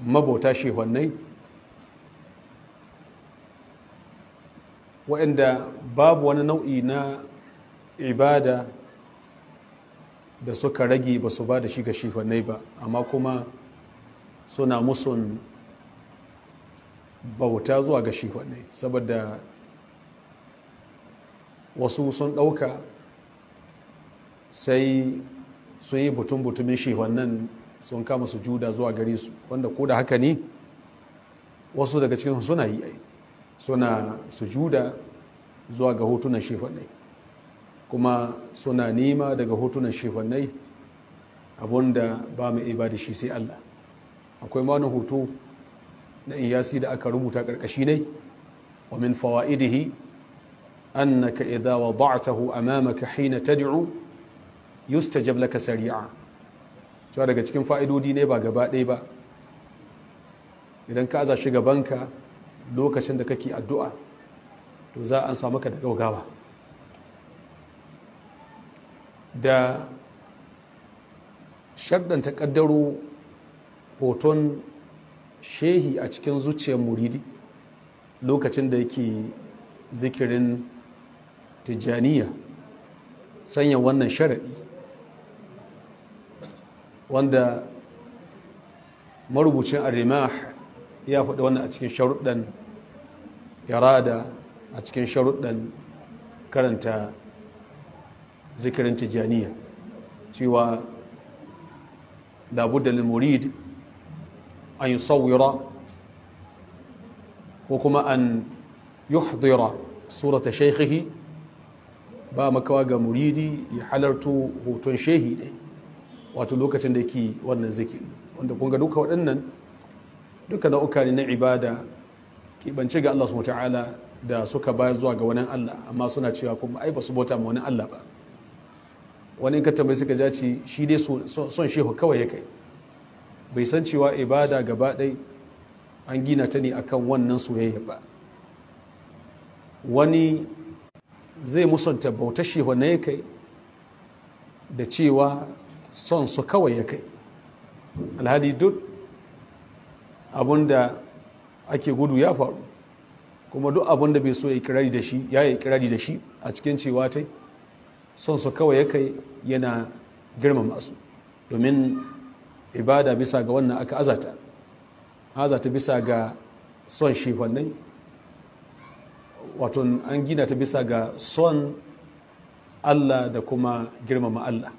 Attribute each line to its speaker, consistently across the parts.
Speaker 1: mabauta shehonnai waɗanda babu wani nau'i na ibada da suka rage ba su ba da shi ga shehwannai ba amma kuma suna musun bauta zuwa ga shehonnai saboda wasu sun ɗauka sai sun yi butun-butumin shehonnan sun kama sujuda zuwa gare su wanda ko da haka ne wasu daga cikin suna yi ai suna sujuda zuwa ga hotunan shefannai kuma suna nema daga hotunan shefannai abinda ba mu iya da shi sai Allah akwai ma hoto na iyasi da aka rubuta karkashi ne wa min fawaidihi annaka idza wada'tahu amamaka hina tad'u yustajab laka sari'a cewa daga cikin fa'idodi ne ba gaba ɗaya ba idan ka aza shi gabanka lokacin da kake addu'a to za an samu ka da gaugawa da shaddan ƙaddar hoton shehi a cikin zuciyar muridi lokacin da yake zikirin tijjaniya sanya wannan sharaɗi wanda marubucin arimah ya faɗi wannan a cikin sharuɗan irada a cikin sharuɗan karanta zikirin tijjaniya cewa labudda murid an yi tsawira ko kuma an yuhdira surata shaikhihi ba makawa ga muridi ya halarto hoton shehi ɗaya wato lokacin da yake wannan zikiri wanda kun ga duka waɗannan duka nau'uka ne na ibada kibance ga Allah subhanahu ta'ala da suka bayar zuwa ga wani Allah amma suna cewa kuma ai ba su bota ma wani Allah ba wani in ka tambayi suka ja ci shi dai son shehu kawai ya kai bai san cewa ibada gaba ɗai an gina ta ne akan wannan soyayya ba wani zai musanta bautar shehu na ya kai da cewa son su kawai ya kai alhadi duk abinda ake gudu ya faru kuma duk abinda bai so ya da yi kirari da shi a cikin cewa ta son su kawai ya kai yana girmama su domin ibada bisa ga wannan aka azata azata bisa ga son shifannai wato an gina ta bisa ga son Allah da kuma girmama Allah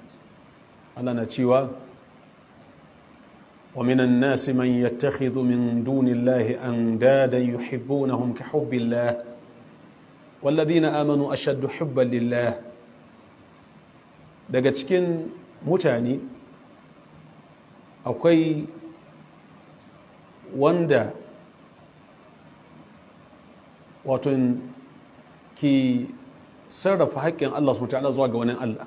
Speaker 1: Allah na cewa wa minan nasi man yattakhidhu min dunillahi andada yuhibbunahum ka hubbillah walladhina amanu ashaddu hubban lillah daga cikin mutane akwai wanda wato ki sarrafa haƙƙin Allah subhanahu ta'ala zuwa ga wani Allah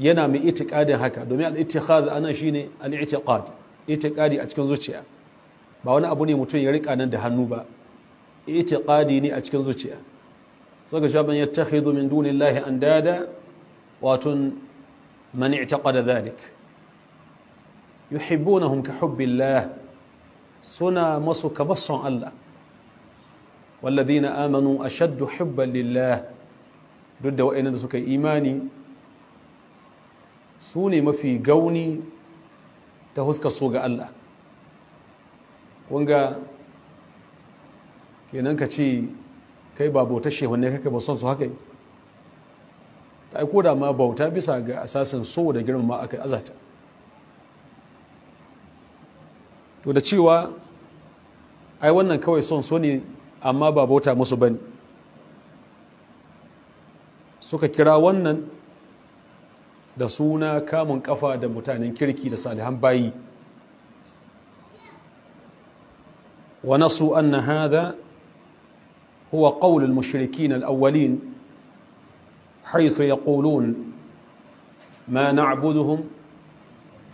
Speaker 1: yana mai itikadin haka domin al ana anan shine al itikadi a cikin zuciya ba wani abu ne mutum ya rika nan da hannu ba itikadi ne a cikin zuciya saka shaban yattakhidhu min dunillahi andada watun man i'taqada dhalik yuhibbunahum ka hubbillah suna masu son Allah walladhina amanu ashaddu hubban lillah duk da wa'annan da suka yi imani su ne mafi gauni ta huska so ga Allah kunga kenan ka ce kai ba bautar shehunne kake ba son su haka yi ta aiko da ma bauta bisa ga asasin so da girma ma aka azata to da cewa ai wannan kawai son so ne amma ba bauta musu bane suka kira wannan da suna kamun kafa da mutanen kirki da salihan bayi wa nasu anna hadha huwa qawl al-mushrikin al-awwalin haythu yaqulun ma na'buduhum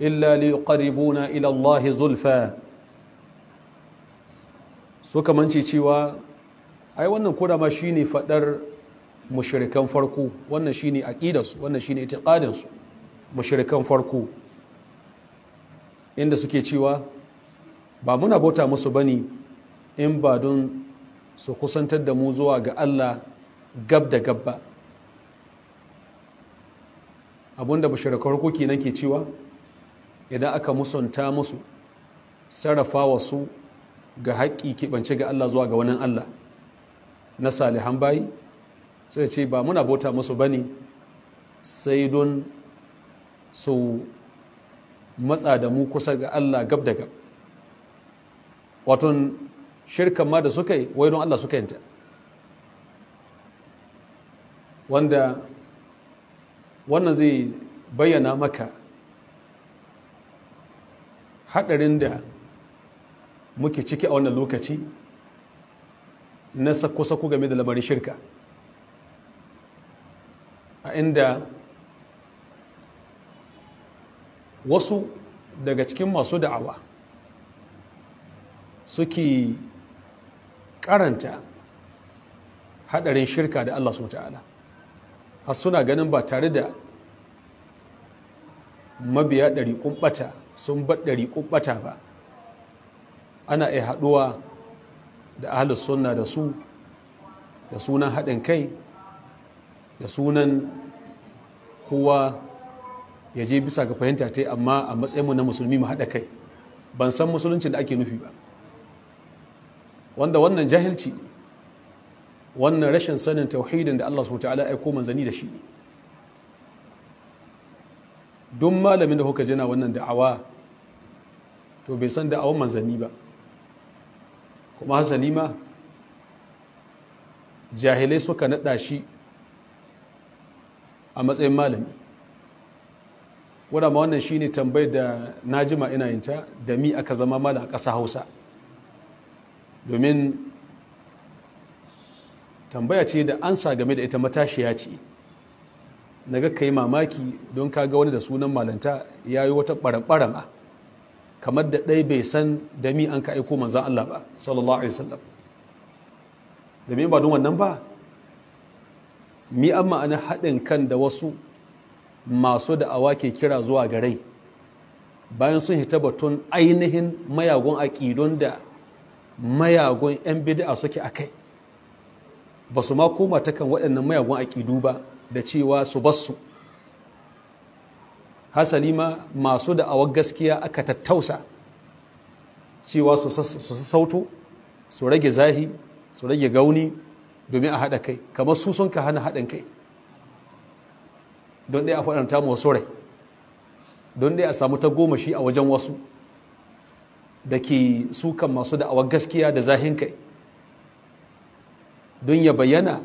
Speaker 1: illa liqarribuna ila Allah zulfa so kamanci cewa ai wannan koda ma shine fadar Mushirikan farko wannan shine aqidarsu wannan shine itiqadinsu Mushirikan farko inda suke cewa ba muna bauta musu bane in ba don su kusantar da mu zuwa ga Allah gab da gab ba abinda mushirikan farko kenan ke cewa idan aka musanta musu sarrafa wasu ga haƙƙi kibance ga Allah zuwa ga wani Allah na salihan bayi sai ce ba muna bota musu ba ne sai don su matsa da mu kusa ga Allah gab da gab waton shirkan ma da suka yi wai don Allah suka yanta wanda wannan zai bayyana maka haɗarin da muke ciki a wannan lokaci na sako-sako game da lamarin shirka a inda wasu daga cikin masu da'awa suke karanta hadarin shirka da Allah subhanahu ta'ala har suna ganin ba tare da mabiya ɗari kumbata sun ba ɗari kumbata ba ana iya haɗuwa da ahalus sunna da su da sunan haɗin kai da sunan kowa ya je bisa ga fahimta ta amma a matsayinmu na musulmi mu haɗa kai ban san musulunci da ake nufi ba wanda wannan jahilci wannan rashin sanin tauhidin da Allah subhanahu ta'ala aiko manzani da shi Don malamin da kuka jina wannan da'awa to bai san da'awan manzanni ba kuma hasali ma jahilai suka naɗa shi a matsayin malami wadama wannan shine tambayar da na jima ina yinta da mi aka zama mana a ƙasa hausa domin tambaya ce da ansa game da ita matashiya ce na ga ka yi mamaki don ka ga wani da sunan malanta ya yi wata ma kamar da ɗai bai san da mi an ka aiko manzan Allah ba sallallahu alaihi wasallam da ba don wannan ba mi an ma'ana haɗin kan da wasu masu da awa ke kira zuwa ga bayan sun hita batun ainihin mayagun aƙidun da mayagun 'yan bid'a suke a kai ba su ma koma ta kan waɗannan mayagun aƙidu ba da cewa su basu hasali ma masu da da'awar gaskiya aka tattausa cewa su sassauto su rage zahi su rage gauni domin a haɗa kai kamar su sun ka hana haɗin kai don ɗaya a faɗanta mu wasu rai don ɗaya a samu ta goma shi a wajen wasu da ke sukan masu da'awar gaskiya da zahin kai don ya bayyana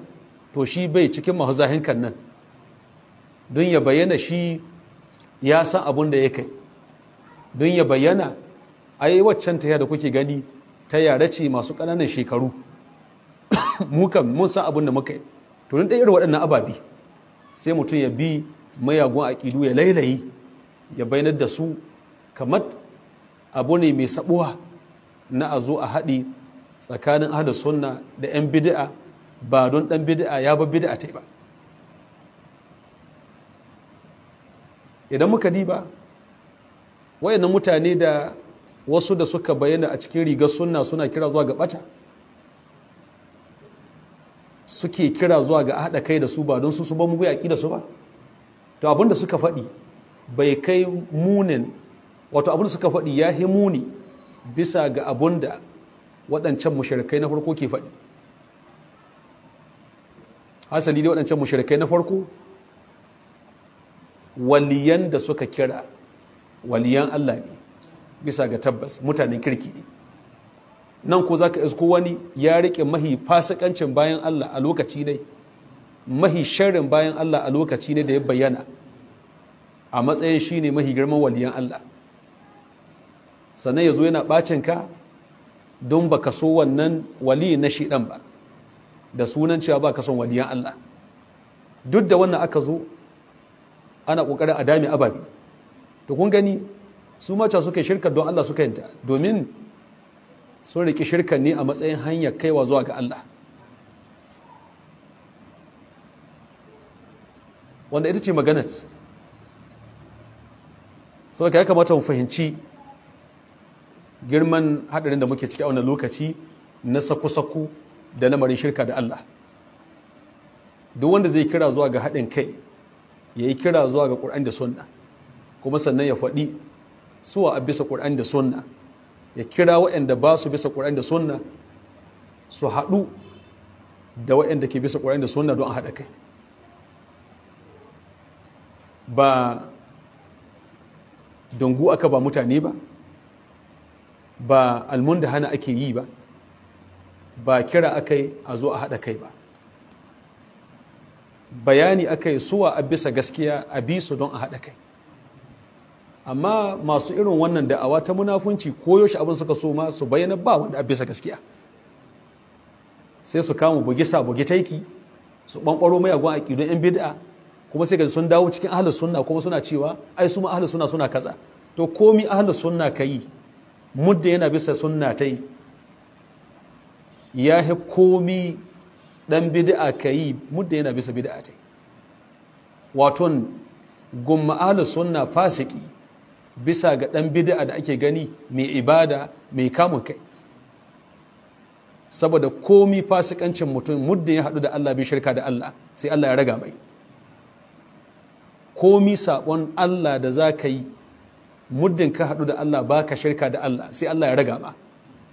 Speaker 1: to shi bai cikin masu zahin kan nan don ya bayyana shi ya san abin da ya kai don ya bayyana a yi waccan ta da kuke gani ta yare ce masu ƙananan shekaru mu mun san abin da muka yi to dai irin waɗannan ababi sai mutum ya bi mayagun aƙidu ya lailayi ya bayyana da su kamar abu ne mai sabuwa na a zo a haɗi tsakanin ahda sunna da 'yan bid'a ba don ɗan bid'a ya ba bid'a ta ba idan muka diba wayannan mutane da wasu da suka bayyana a cikin rigar sunna suna kira zuwa ga ɓata suke kira zuwa ga haɗa kai da su ba don su su ba mugu yaƙi da su ba to abinda suka faɗi bai kai munin wato abinda suka faɗi ya hi muni bisa ga abinda waɗancan mushrikai na farko ke faɗi hasali da waɗancan mushrikai na farko waliyan da suka kira waliyan Allah ne bisa ga tabbas mutanen kirki ne nan ko za ka isko wani ya riƙe mahi fasikancin bayan Allah a lokaci ne mahi sharrin bayan Allah a lokaci ne da ya bayyana a matsayin shine mahi girman waliyan Allah sannan ya zo yana bacin ka don baka so wannan wali na ɗan ba da sunan cewa baka son waliyan Allah duk da wannan aka zo ana ƙoƙarin a dami ababi to kun gani su mata suka shirka don Allah suka yanta domin sun riƙi shirkan ne a matsayin hanyar kaiwa zuwa ga Allah wanda ita ce maganat saboda ya kamata mu fahimci girman haɗarin da muke ciki a wannan lokaci na saku-saku da lamarin shirka da Allah duk wanda zai kira zuwa ga haɗin kai ya yi kira zuwa ga ƙur'an da sunna kuma sannan ya faɗi suwa a bisa ƙur'an da sunna ya kira waɗanda ba su bisa ƙur'ani da sunna su haɗu da waɗanda ke bisa ƙur'ani da suna don a haɗa kai ba dungu aka ba mutane ba ba almun da hana ake yi ba ba kira aka yi a zo a haɗa kai ba bayani aka yi suwa a bisa gaskiya a bi su don a haɗa kai amma masu irin wannan da'awa ta munafunci koyaushe abin suka so ma su bayyana ba wanda a bisa gaskiya sai su kama sa bugi taiki su bankwaro mai agon aƙidun yan bid'a kuma sai gaji sun dawo cikin ahlus sunna kuma suna cewa ai su ma ahlus sunna suna kaza to komi ahlus sunna kai mudda yana bisa sunna tai ya he komi dan bid'a kai mudda yana bisa bid'a tai waton gumma ahlus sunna fasiki bisa ga ɗan bida'a da ake gani mai ibada mai kamun kai saboda komi fasikancin mutum muddin ya haɗu da Allah bi shirka da Allah sai Allah ya raga mai komi saɓon Allah da za ka yi muddin ka haɗu da Allah ba ka shirka da Allah sai Allah ya raga ma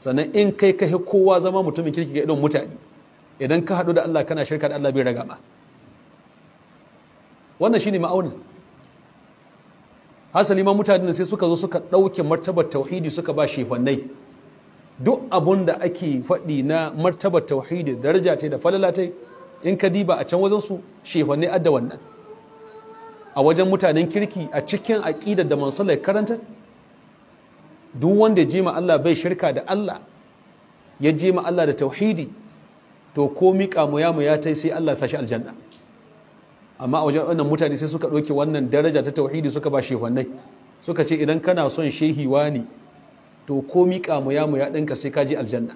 Speaker 1: sannan in kai ka kowa zama mutumin kirki ga idon mutane idan ka haɗu da Allah kana shirka da Allah bai raga ma wannan shine ma'aunin hasali ma mutane sai suka zo suka ɗauke martabar tauhidi suka ba shefannai duk abun da ake faɗi na martabar tauhidi daraja ta da falala ta in ka diba a can wajen su shefannai adda wannan a wajen mutanen kirki a cikin aƙidar da mansala karanta duk wanda ya ma Allah bai shirka da Allah ya ma Allah da tauhidi to ko mika mu ya mu ya tai sai Allah sashi aljanna amma a wajen wannan mutane sai suka ɗauke wannan daraja ta tauhidi suka ba shehwannai suka ce idan kana son shehi wani to ko miƙa mu ya mu ya ɗinka sai ka je aljanna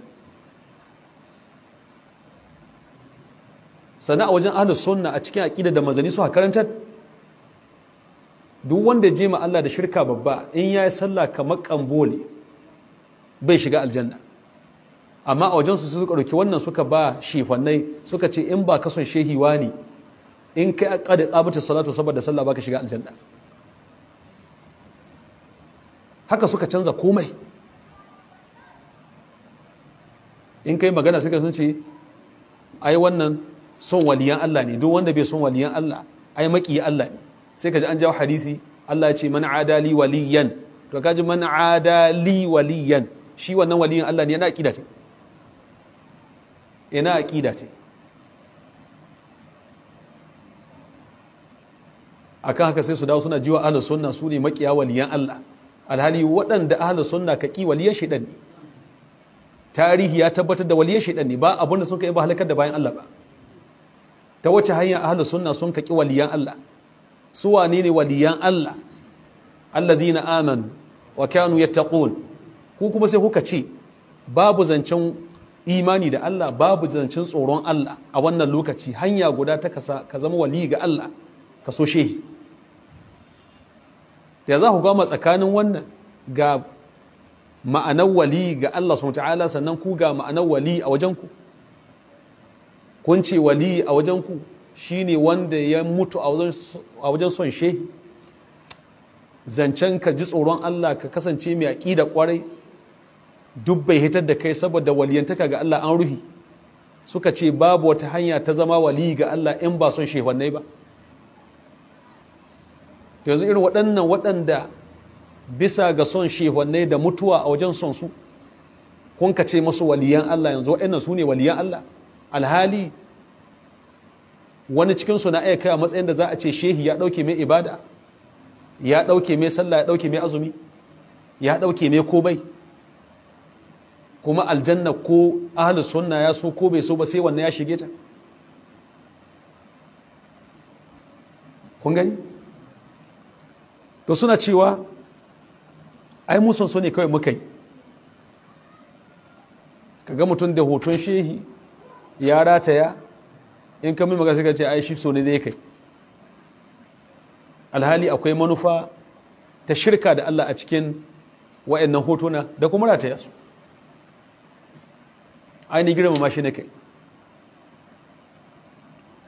Speaker 1: sannan a wajen ahlus sunna a cikin aƙida da mazani su karantar duk wanda je ma Allah da shirka babba in ya yayi sallah kamar kambole bai shiga aljanna amma a wajen su suka ɗauki wannan suka ba shefannai suka ce in ba ka son shehi wani in kai kada qabata salatu saboda sallah baka shiga aljanna haka suka canza komai in kai magana suka sun ce ai wannan son waliyan Allah ne duk wanda bai son waliyan Allah ai maki Allah ne sai ka ji an jawo hadisi Allah ya ce man adali waliyan to ka ji man adali waliyan shi wannan waliyan Allah ne yana aqida ce yana aqida ce akan haka sai su dawo suna jiwa ahlus sunna su ne makiya waliyan Allah alhali waɗanda ahlus sunna ka ki waliyan shaidan ne tarihi ya tabbatar da waliyan shaidan ne ba abin da sun kai ba halakar da bayan Allah ba ta wace hanya ahlus sunna sun ka ki waliyan Allah su wane ne waliyan Allah alladhina amanu wa kanu yattaqun ku kuma sai kuka ce babu zancen imani da Allah babu zancen tsoron Allah a wannan lokaci hanya guda ta ka zama wali ga Allah ka so shehi da za ku gama tsakanin wannan ga ma'anar wali ga Allah subhanahu ta'ala sannan ku ga ma'anar wali a wajen ku kun ce wali a wajen ku ne wanda ya mutu a wajen son shehi zancen ka ji tsoron Allah ka kasance mai aƙi kwarai duk bai hitar da kai saboda waliyantaka ga Allah an ruhi suka ce babu wata hanya ta zama wali ga Allah in ba son shehwannai ba to yanzu irin waɗannan waɗanda bisa ga son shehwanne da mutuwa a wajen son su kun ka ce masu waliyan Allah yanzu waɗannan su ne waliyan Allah alhali wani cikin cikinsu na iya a matsayin da za a ce shehi ya ɗauke mai ibada ya ɗauke mai sallah ya ɗauke mai azumi ya ɗauke mai komai kuma aljanna ko ahlus sunna ya so ko bai so ba sai wannan ya shige ta kun to suna cewa ai musan so ne kawai muka yi ka ga mutum da hoton shehi ya rataya in ka mimaka suka ce ai shi so ne kai alhali akwai manufa ta shirka da Allah a cikin wa'annan hotuna da kuma rataya su ainihin girma ma shi ne kai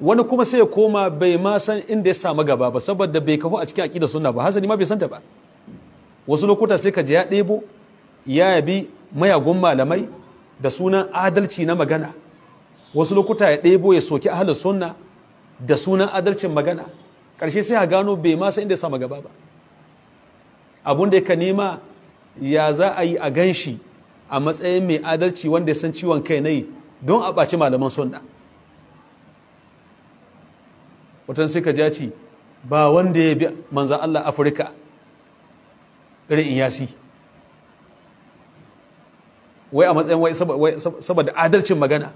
Speaker 1: wani kuma sai ya koma bai ma san inda ya samu gaba ba saboda bai kafu a cikin aƙidar sunna ba hasali ma bai santa ba wasu lokuta sai ka ji ya ɗebo ya yabi mayagun malamai da sunan adalci na magana wasu lokuta ya ɗebo ya soki ahlus sunna da sunan adalcin magana ƙarshe sai a gano bai ma san inda ya samu gaba ba abun da ka nema ya za a yi a gan shi a matsayin mai adalci wanda ya san ciwon kai na yi don a ɓaci malaman sunna watan sai jaci ba wanda ya bi manzan Allah Afirka irin iyasi wai a matsayin wai saboda adalcin magana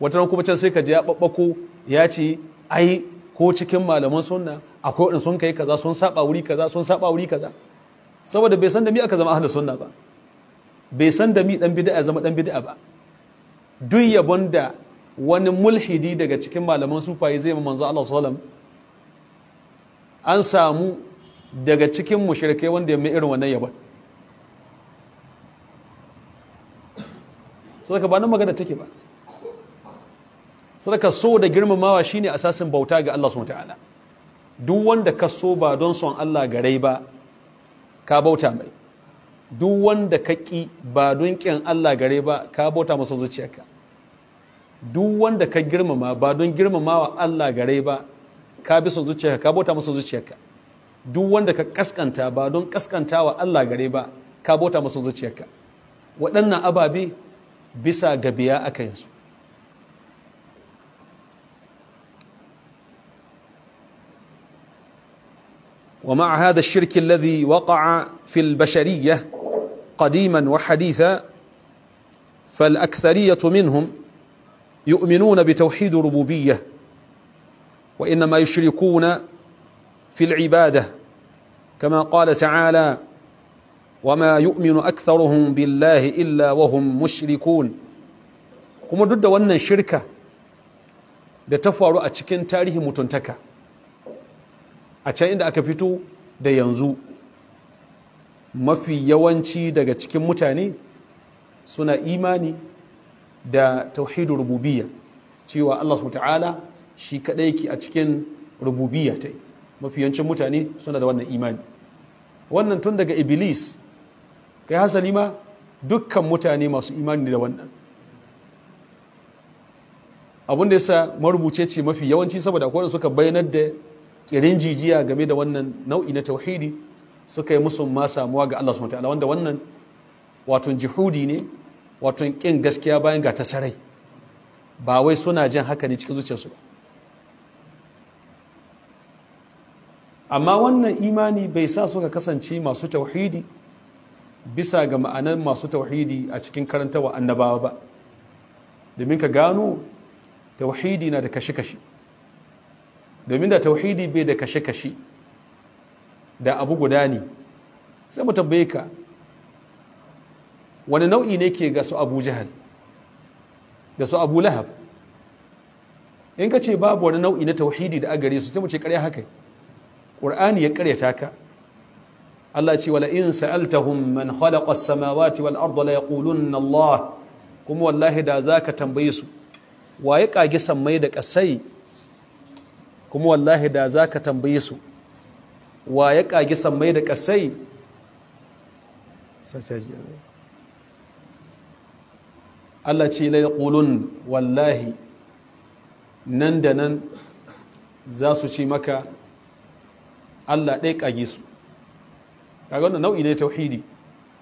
Speaker 1: wata kuma can sai ka ji ya babbako ya ce ai ko cikin malaman sunna akwai waɗanda sun kai kaza sun saba wuri kaza sun saba wuri kaza saboda bai san da mi aka zama ahlus sunna ba bai san da mi dan bid'a zama dan bid'a ba duk yabon da wani mulhidi daga cikin malaman sufaye zai ma manzo Allah sallam an samu daga cikin mushrikai wanda ya mai irin wannan yaba sadaka ba nan magana take ba sadaka so da girmamawa shine asasin bauta ga Allah subhanahu wataala duk wanda ka so ba don son Allah garai ba ka bauta mai duk wanda ka ƙi ba don ƙin Allah gare ba ka bauta masa zuciyarka duk wanda ka girmama ba don girmamawa Allah gare ba ka bi son zuciyarka ka bota masa zuciyarka duk wanda ka kaskanta ba don kaskantawa Allah gare ba ka bota masa zuciyarka waɗannan ababe bisa gabiya aka yi su ومع هذا الشرك الذي وقع في البشرية قديما وحديثا فالأكثرية منهم يؤمنون بتوحيد ربوبية وإنما يشركون في العبادة كما قال تعالى وما يؤمن أكثرهم بالله إلا وهم مشركون كما ضد وأن الشركة da tafaru a cikin tarihi mutuntaka a can inda aka fito da yanzu mafi yawanci daga cikin mutane suna imani da tauhidu rububiyya cewa Allah subhanahu ta'ala shi kadai ke a cikin rububiyya ta mafiyancin mutane suna da wannan imani wannan tun daga iblis kai hasali ma dukkan mutane masu imani da wannan Abun da yasa marubuce ce mafi yawanci saboda akwai suka bayanar da kirin jijiya game da wannan nau'i na tauhidi suka yi musu ma samuwa ga Allah subhanahu ta'ala wanda wannan wato jihudi ne wato ƙin gaskiya bayan ga ta sarai ba wai suna jin haka ne cikin zuciyarsu ba amma wannan imani bai sa suka kasance masu tauhidi bisa ga ma'anar masu tauhidi a cikin karantawa annabawa ba domin ka gano tauhidi na da kashe-kashe domin da tauhidi bai da kashe-kashe da abu guda ne sai mu tambaye ka wani nau'i ne ke ga su abu Jihar da su abu lahab in ka ce babu wani nau'i na tauhidi da agare su sai mu ce karya haka ƙur'ani ya karyata ka Allah ce wala in sa'altahum man khalaqa as-samawati wal arda la yaqulunna Allah kuma wallahi da zaka tambaye su waye kage sammai da kasai kuma wallahi da zaka tambaye su waye kage sammai da kasai sace Allah ce lai ƙulun wallahi nan da nan za su ce maka Allah ɗai ƙage su kaga wannan nau'i ne tauhidi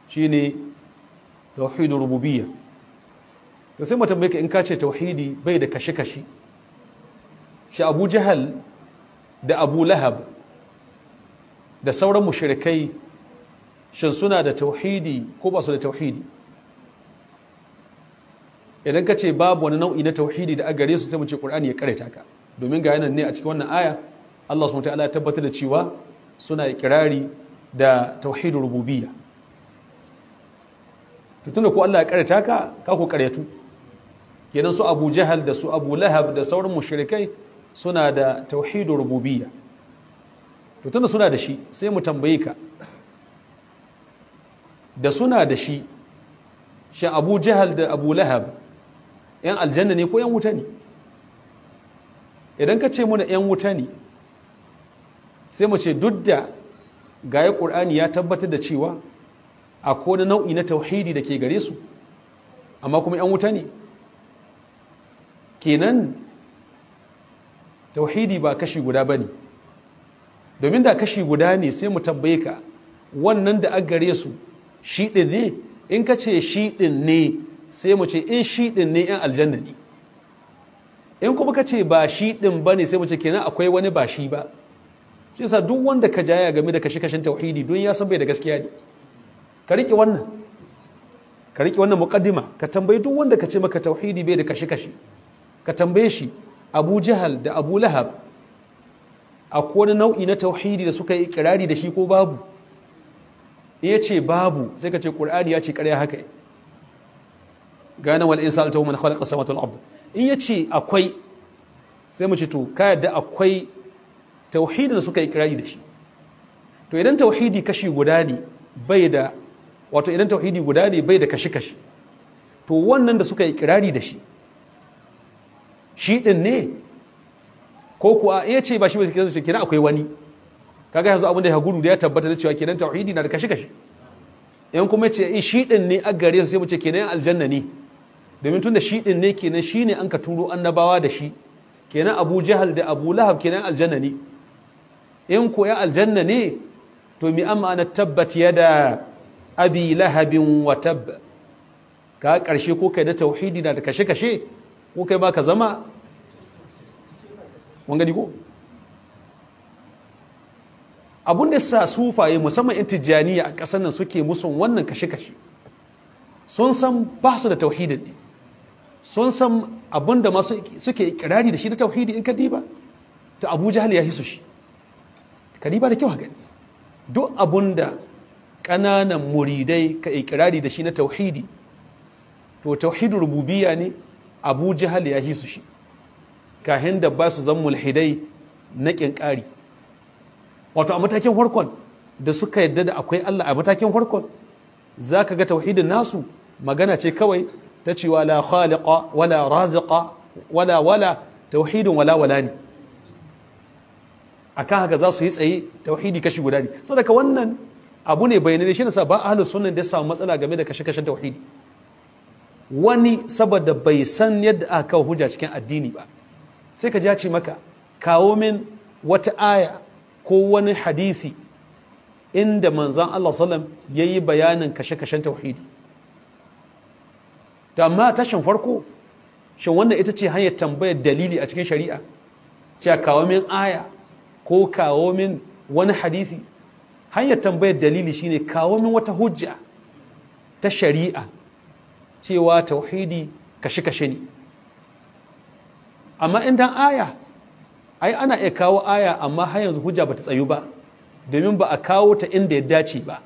Speaker 1: shine tauhidin rububiyya da sai mutum bai in ka ce tauhidi bai da kashe-kashe shi abu jahal da abu lahab da sauran mushrikai shin suna da tauhidi ko ba su da tauhidi idan ka ce babu wani nau'i na tauhidi da a gare su sai mu ce qur'ani ya karanta ka domin ga yanan ne a cikin wannan aya Allah subhanahu wataala ya tabbatar da cewa suna ikirari da tauhidul rububiyya to tunda ko Allah ya karanta ka ka ko karyatu kenan su Abu Jahal da su Abu Lahab da sauran mushrikai suna da tauhidul rububiyya to tunda suna da shi sai mu tambaye ka da suna da shi shi Abu Jahal da Abu Lahab 'yan aljanna ne ko 'yan wuta ne idan ka ce muna 'yan wuta ne sai mu ce duk da gaya ƙur'ani ya tabbatar da cewa a kone nau'i na tauhidi da ke gare su amma kuma 'yan wuta ne kenan tauhidi ba kashi guda ba ne domin da kashi guda ne sai mu tabbai ka wannan da a gare su shi ne in ka ce shiɗin ne sai mu ce in shi ɗin ne ‘yan aljanna ne in kuma ka ce ba shi ɗin ba ne sai mu ce kenan akwai wani ba shi ba shi sa duk wanda ka jaya game da kashe kashen tauhidi don ya san bai da gaskiya ne ka riƙe wannan ka riƙe wannan muqaddima ka tambayi duk wanda ka ce maka tauhidi bai da kashe kashe ka tambaye shi Abu Jahal da Abu Lahab akwai wani nau'i na tauhidi da suka yi ikirari da shi ko babu ya ce babu sai ka ce ƙur'ani ya ce ƙarya haka gane wani insa ta man khalaqa samatu wal ard in yace akwai sai mu ce to ka yadda akwai tauhidi da suka yi kirari da shi to idan tauhidi kashi guda ne bai da wato idan tauhidi guda ne bai da kashi kashi to wannan da suka yi kirari da shi shi din ne ko kuwa in yace ba shi ba shi kenan akwai wani kaga yanzu abin da ya gudu da ya tabbata da cewa kenan tauhidi na da kashi kashi yan kuma ce eh, shi din ne a gare su sai mu ce kenan aljanna ne domin tun da shi ɗin ne kenan shi ne an ka turo annabawa da shi kenan abu jahal da abu lahab kenan aljanna ne in ko ya aljanna ne to mi amma na tabbat da abi lahabin wa tabba ka karshe ko kai da tauhidi na da kashe kashe ko kai ba ka zama wangani ko abun da sa sufaye musamman yan tijjaniya a ƙasar nan suke musun wannan kashe kashe sun san ba su da tauhidin ne sun san abin da masu suke ikirari da shi na tauhidi in ka diba ta abu jahal ya hisu shi ka diba da kyau gani duk abin da ƙananan muridai ka ikirari da shi na tauhidi to tauhidin rububiya ne abu jahal ya hisu shi kahin da ba su zan mulhidai na ƙinƙari wato a matakin farkon da suka yadda da akwai Allah a matakin farkon za ka ga tauhidin nasu magana ce kawai ta cewa la khaliqa wala raziqa wala wala tauhidin wala wala ne akan haka za su yi tsaye tauhidi kashi guda ne saboda wannan abu ne bayanai shi nasa ba ahlus sunnan da samu matsala game da kashe kashen tauhidi wani saboda bai san yadda aka kawo hujja cikin addini ba sai ka ce maka kawo min wata aya ko wani hadisi inda manzon Allah sallam yi bayanin kashe kashen tauhidi ta amma tashin farko shin wannan ita ce hanyar tambayar dalili a cikin shari'a cewa kawo min aya ko kawo min wani hadisi hanyar tambayar dalili shine kawo min wata hujja ta shari'a cewa tauhidi kashe-kashe ne amma idan aya ai ana iya kawo aya amma har yanzu hujja bata tsayu ba domin ba a kawo ta inda ya dace ba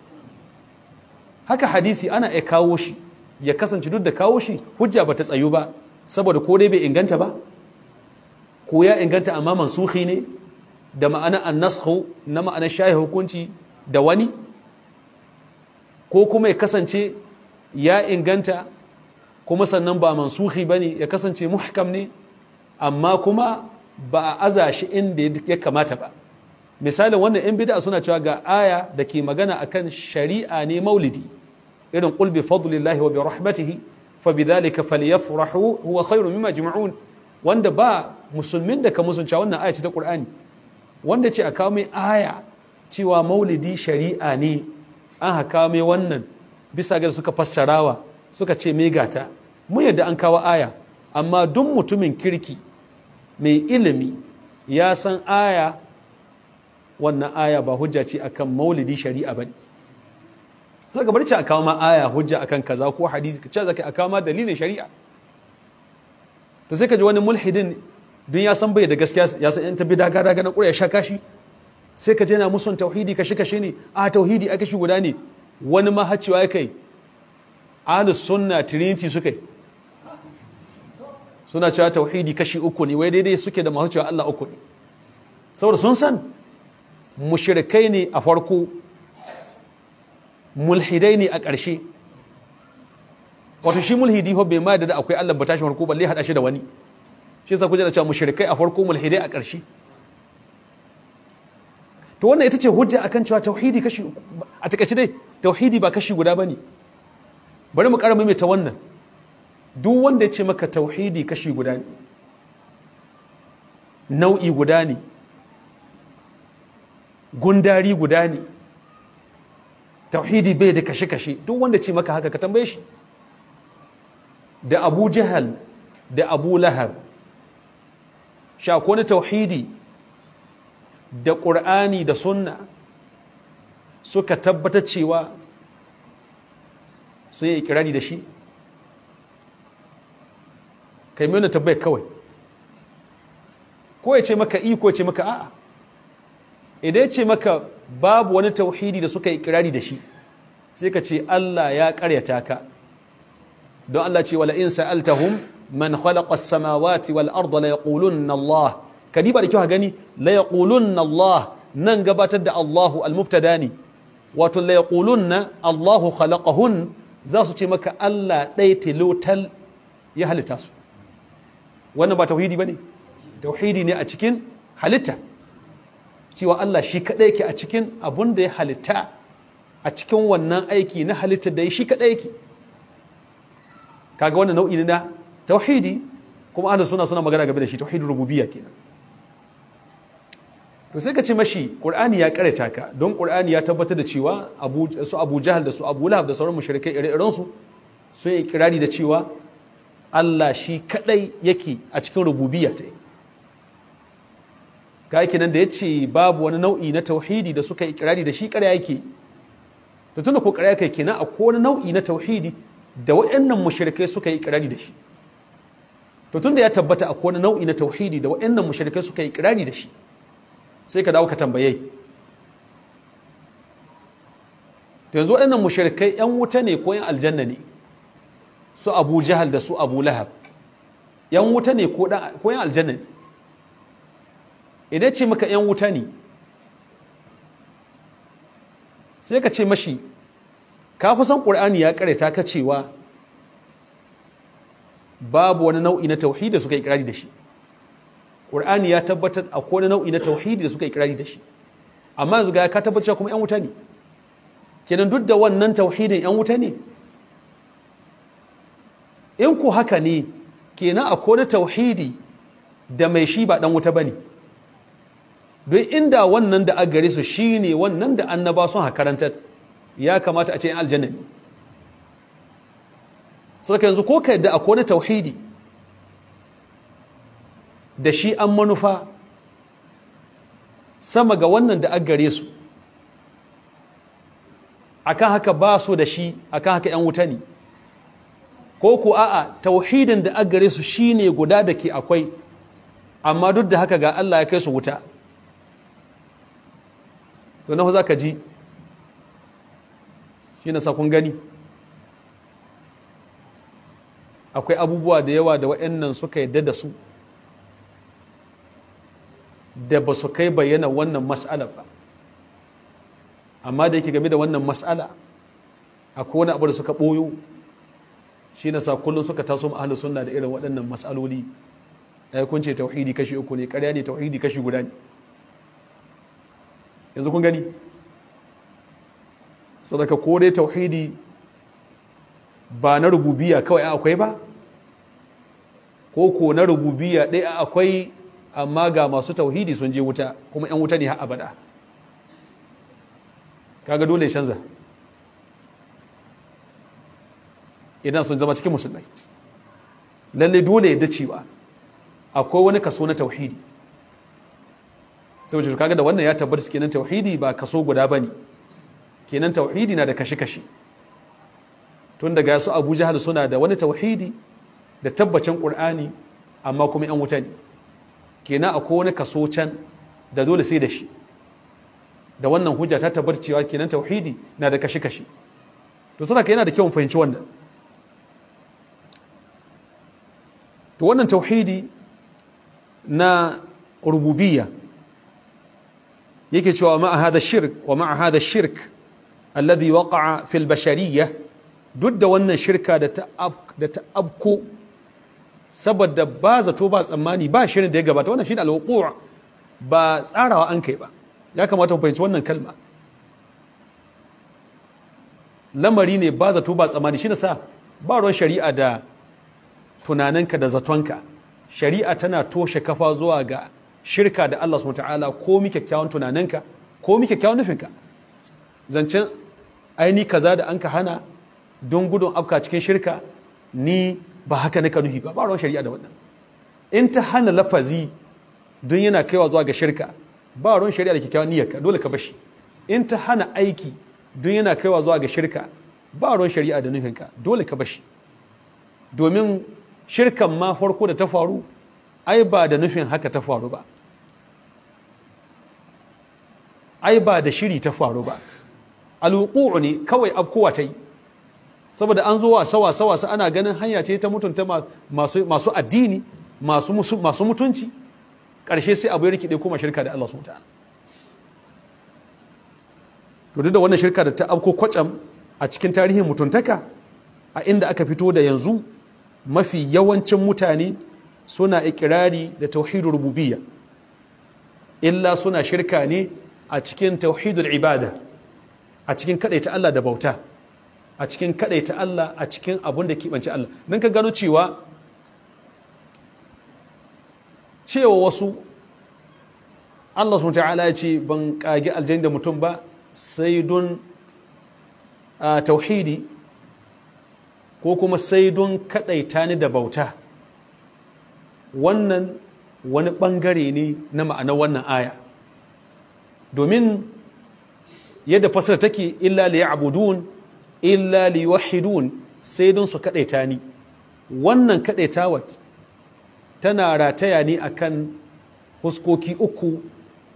Speaker 1: haka hadisi ana iya kawo shi ya kasance duk da kawo shi hujja ba ta tsayu ba saboda ko dai bai inganta ba ko ya inganta amma mansuhi ne da ma'ana annashu na ma'ana shayi hukunci da wani ko kuma ya kasance ya inganta kuma sannan ba mansuhi ne? ya kasance muhkam ne amma kuma ba a aza shi inda ya kamata ba misalin wannan 'yan bida suna cewa ga aya da ke magana akan shari'a ne maulidi irin ƙulbi bi wa bi rahmatihi fa bidhalika falyafrahu huwa khairu mimma jima'un wanda ba musulmin da ka musunta wannan aya ce ta Qur'ani wanda ce a kawo mai aya cewa maulidi shari'a ne an haka mai wannan bisa ga suka fassarawa suka ce mai gata mun yadda an kawo aya amma duk mutumin kirki mai ilimi ya san aya wannan aya ba hujja ce akan maulidi shari'a ba ne. sai ka barci a kawo ma aya hujja akan kaza ko hadisi ka ce za ka kawo ma dalilin shari'a to sai ka ji wani mulhidin din ya san bai da gaskiya ya san yan tabi daga daga na ƙura ya sha kashi sai ka je na musun tauhidi kashi shi ne a tauhidi aka shi guda ne wani ma haccewa ya kai ahlus sunna trinity suka yi suna cewa tauhidi kashi uku ne wai daidai suke da masu cewa Allah uku ne saboda sun san mushrikai ne a farko mulhidai ne a ƙarshe wato shi mulhidi ho bai ma da akwai Allah ba tashi farko balle hada shi da wani shi yasa kuje da cewa mushrikai a farko mulhidai a ƙarshe to wannan ita ce hujja akan cewa tauhidi kashi a takaice dai tauhidi ba kashi guda bane bari mu ƙara maimaita wannan duk wanda ya ce maka tauhidi kashi guda ne nau'i guda ne gundari guda ne tauhidi bai da kashe-kashe duk wanda ce maka haka ka tambaye shi da abu jihal da abu lahar shako na tauhidi da ƙur'ani da sunna suka tabbata cewa su yi ikirari da shi kai mai tabbai kawai ko ya ce maka iko ce maka a'a idan ya ce maka babu wani tauhidi da suka yi kirari da shi sai ka ce Allah ya karyata ka don Allah ce wala in sa'altahum man khalaqa as-samawati wal arda la yaqulunna Allah kadiba da kyau gani la yaqulunna Allah nan gabatar da Allahu al-mubtada ne wato la yaqulunna Allahu khalaqahun za su ce maka Allah ɗaya tilotal ya halitta su wannan ba tauhidi bane tauhidi ne a cikin halitta cewa Allah shi kaɗai yake a cikin abun da ya halitta a cikin wannan aiki na halitta da ya shi kaɗai yake kaga wannan nau'i na tauhidi kuma ana suna suna magana game da shi tauhidin rububiyya kenan to sai ka ce mashi qur'ani ya karanta ka don qur'ani ya tabbatar da cewa abu su abu jahal da su abu lahab da sauran mushrikai ire-iren su sun yi da cewa Allah shi kadai yake a cikin rububiyya ta ga kenan da ya ce babu wani nau'i na tauhidi da suka ikirari da shi ƙarya yake da tunda ko ƙarya kai kenan a wani nau'i na tauhidi da waɗannan mushrikai suka yi ikirari da shi to tunda ya tabbata a wani nau'i na tauhidi da waɗannan mushrikai suka yi ikirari da shi sai ka dawo ka tambaye to yanzu waɗannan mushrikai yan wuta ne ko yan aljanna ne su Abu Jahal da su Abu Lahab yan wuta ne ko yan aljanna ne idan ce maka ‘yan wuta ne sai ka ce mashi ka fi son ƙur'ani ya ta ka cewa babu wani nau'i na tauhidi da suka ikirari da shi ƙur'ani ya tabbatar a kone nau'i na tauhidi da suka ikirari da shi amma zuga ya ka tabbatar kuma ‘yan wuta ne kenan duk da wannan tauhidin ‘yan wuta ne in ku haka ne kenan a kone tauhidi da mai shi ba ɗan wuta ba ne don inda wannan da a gare su shine wannan da annaba sun hakarantar ya kamata a ce yan aljanna ne sarka yanzu ko ka yadda akwai kone tauhidi da shi an manufa sama ga wannan da a gare su akan haka ba su da shi akan haka yan wuta ne ko ku a'a tauhidin da a gare su shine guda da ke akwai amma duk da haka ga Allah ya kai su wuta to na za ka ji shi na sakon gani akwai abubuwa da yawa da waɗannan suka yadda da su da ba su kai bayyana wannan mas'ala ba amma da yake game da wannan mas'ala akwai wani abu da suka ɓoyo shi na sa kullum suka taso ma'ahalar suna da irin waɗannan mas'aloli ɗaya kun ce tauhidi kashi uku ne ƙarya ne tauhidi kashi guda ne yanzu kun gani sadaka ko dai tauhidi ba na rububiya kawai akwai ba ko ko na rububiya dai akwai amma ga masu tauhidi sun je wuta kuma yan wuta ne har abada kaga dole canza idan sun zama cikin musulmai lalle dole ya dace akwai wani kaso na tauhidi sai wajen kaga da wannan ya tabbata kenan tauhidi ba kaso guda bane kenan tauhidi na da kashi-kashi tun daga su abu jihar suna da wani tauhidi da tabbacin ƙur'ani amma kuma 'yan wuta ne kenan akwai wani kaso can da dole sai da shi da wannan hujja ta tabbata cewa kenan tauhidi na da kashi-kashi to suna yana da kyau fahimci wannan to wannan tauhidi na rububiyya yake cewa ma'a hada shirk wa ma'a hada shirk alladhi waqa'a fil bashariyya duk da wannan shirka da ta da ta abko saboda ba zato ba tsammani ba shirin da ya gabata wannan shine al-wuqu' ba tsarawa an kai ba ya kamata mu fahimci wannan kalma lamari ne ba zato ba tsammani shi sa ba ruwan shari'a da tunaninka da zatonka shari'a tana toshe kafa zuwa ga shirka da Allah subhanahu ko mi kyakkyawan tunaninka ko mi kyakkyawan nufinka zancen aini kaza da an ka hana don gudun afka cikin shirka ni ba haka nika nufi ba ba ruwan shari'a da wannan in ta hana lafazi don yana kaiwa zuwa ga shirka ba ruwan shari'a da kyakkyawan niyyarka dole ka bashi in ta hana aiki don yana kaiwa zuwa ga shirka ba ruwan shari'a da nufinka dole ka bashi domin shirkan ma farko da ta faru ai ba da nufin haka ta faru ba ai ba da shiri ta faru ba alwuku'u ne kawai abkuwa ta yi saboda an zo wasa wasa ana ganin hanya ce ta mutunta masu addini masu mutunci ƙarshe sai abu ya rikide kuma shirka da Allah sun da wannan shirka da ta abko kwatsam a cikin tarihin mutuntaka a inda aka fito da yanzu mafi yawancin mutane suna ikirari da tauhidul rububiyya illa suna shirka ne a cikin tauhidul ibada a cikin kadaita Allah da bauta a cikin kadaita Allah a cikin abun da kibanci Allah Nan ka gano cewa cewa wasu Allah subhanahu ta'ala ya ce ban kage aljanna da mutum ba sai don ah, tauhidi ko kuma sai don kadaita ni da bauta wannan wani ɓangare ne na ma'anar wannan aya domin yadda fasar take illa li ya'budun illa li wahidun sai don su kadaita ni wannan kadaitawat tana rataya ne akan huskoki uku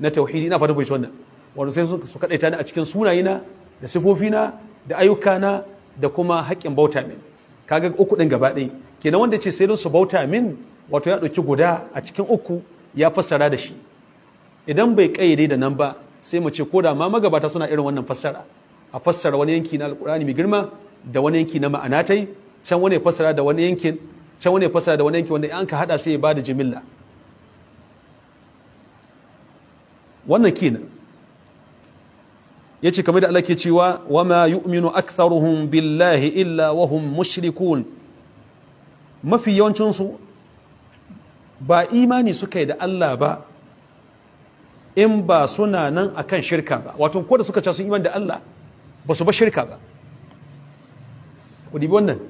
Speaker 1: na tauhidi na fata wannan wato sai su kadaita ni a cikin sunayina, da sifofina da ayyukana da kuma haƙƙin bauta min kaga uku din gaba ɗaya kenan wanda ce sai don su bauta min wato ya ɗauki guda a cikin uku ya fassara da shi idan bai ƙayyade da nan ba sai mu ce ko da ma magabata suna irin wannan fassara a fassara wani yanki na alƙur'ani mai girma da wani yanki na ma'anatai can wani fassara da wani yankin can wani fassara da wani yankin wanda an ka haɗa sai ya bada jimilla wannan kenan yace kamar da Allah ke cewa wama yu'minu aktharuhum billahi illa wa hum mushrikun mafi yawancinsu. ba imani suka yi da Allah ba in ba suna nan akan shirka ba wato ko da suka ce sun imani da Allah ba su ba shirka ba ku wannan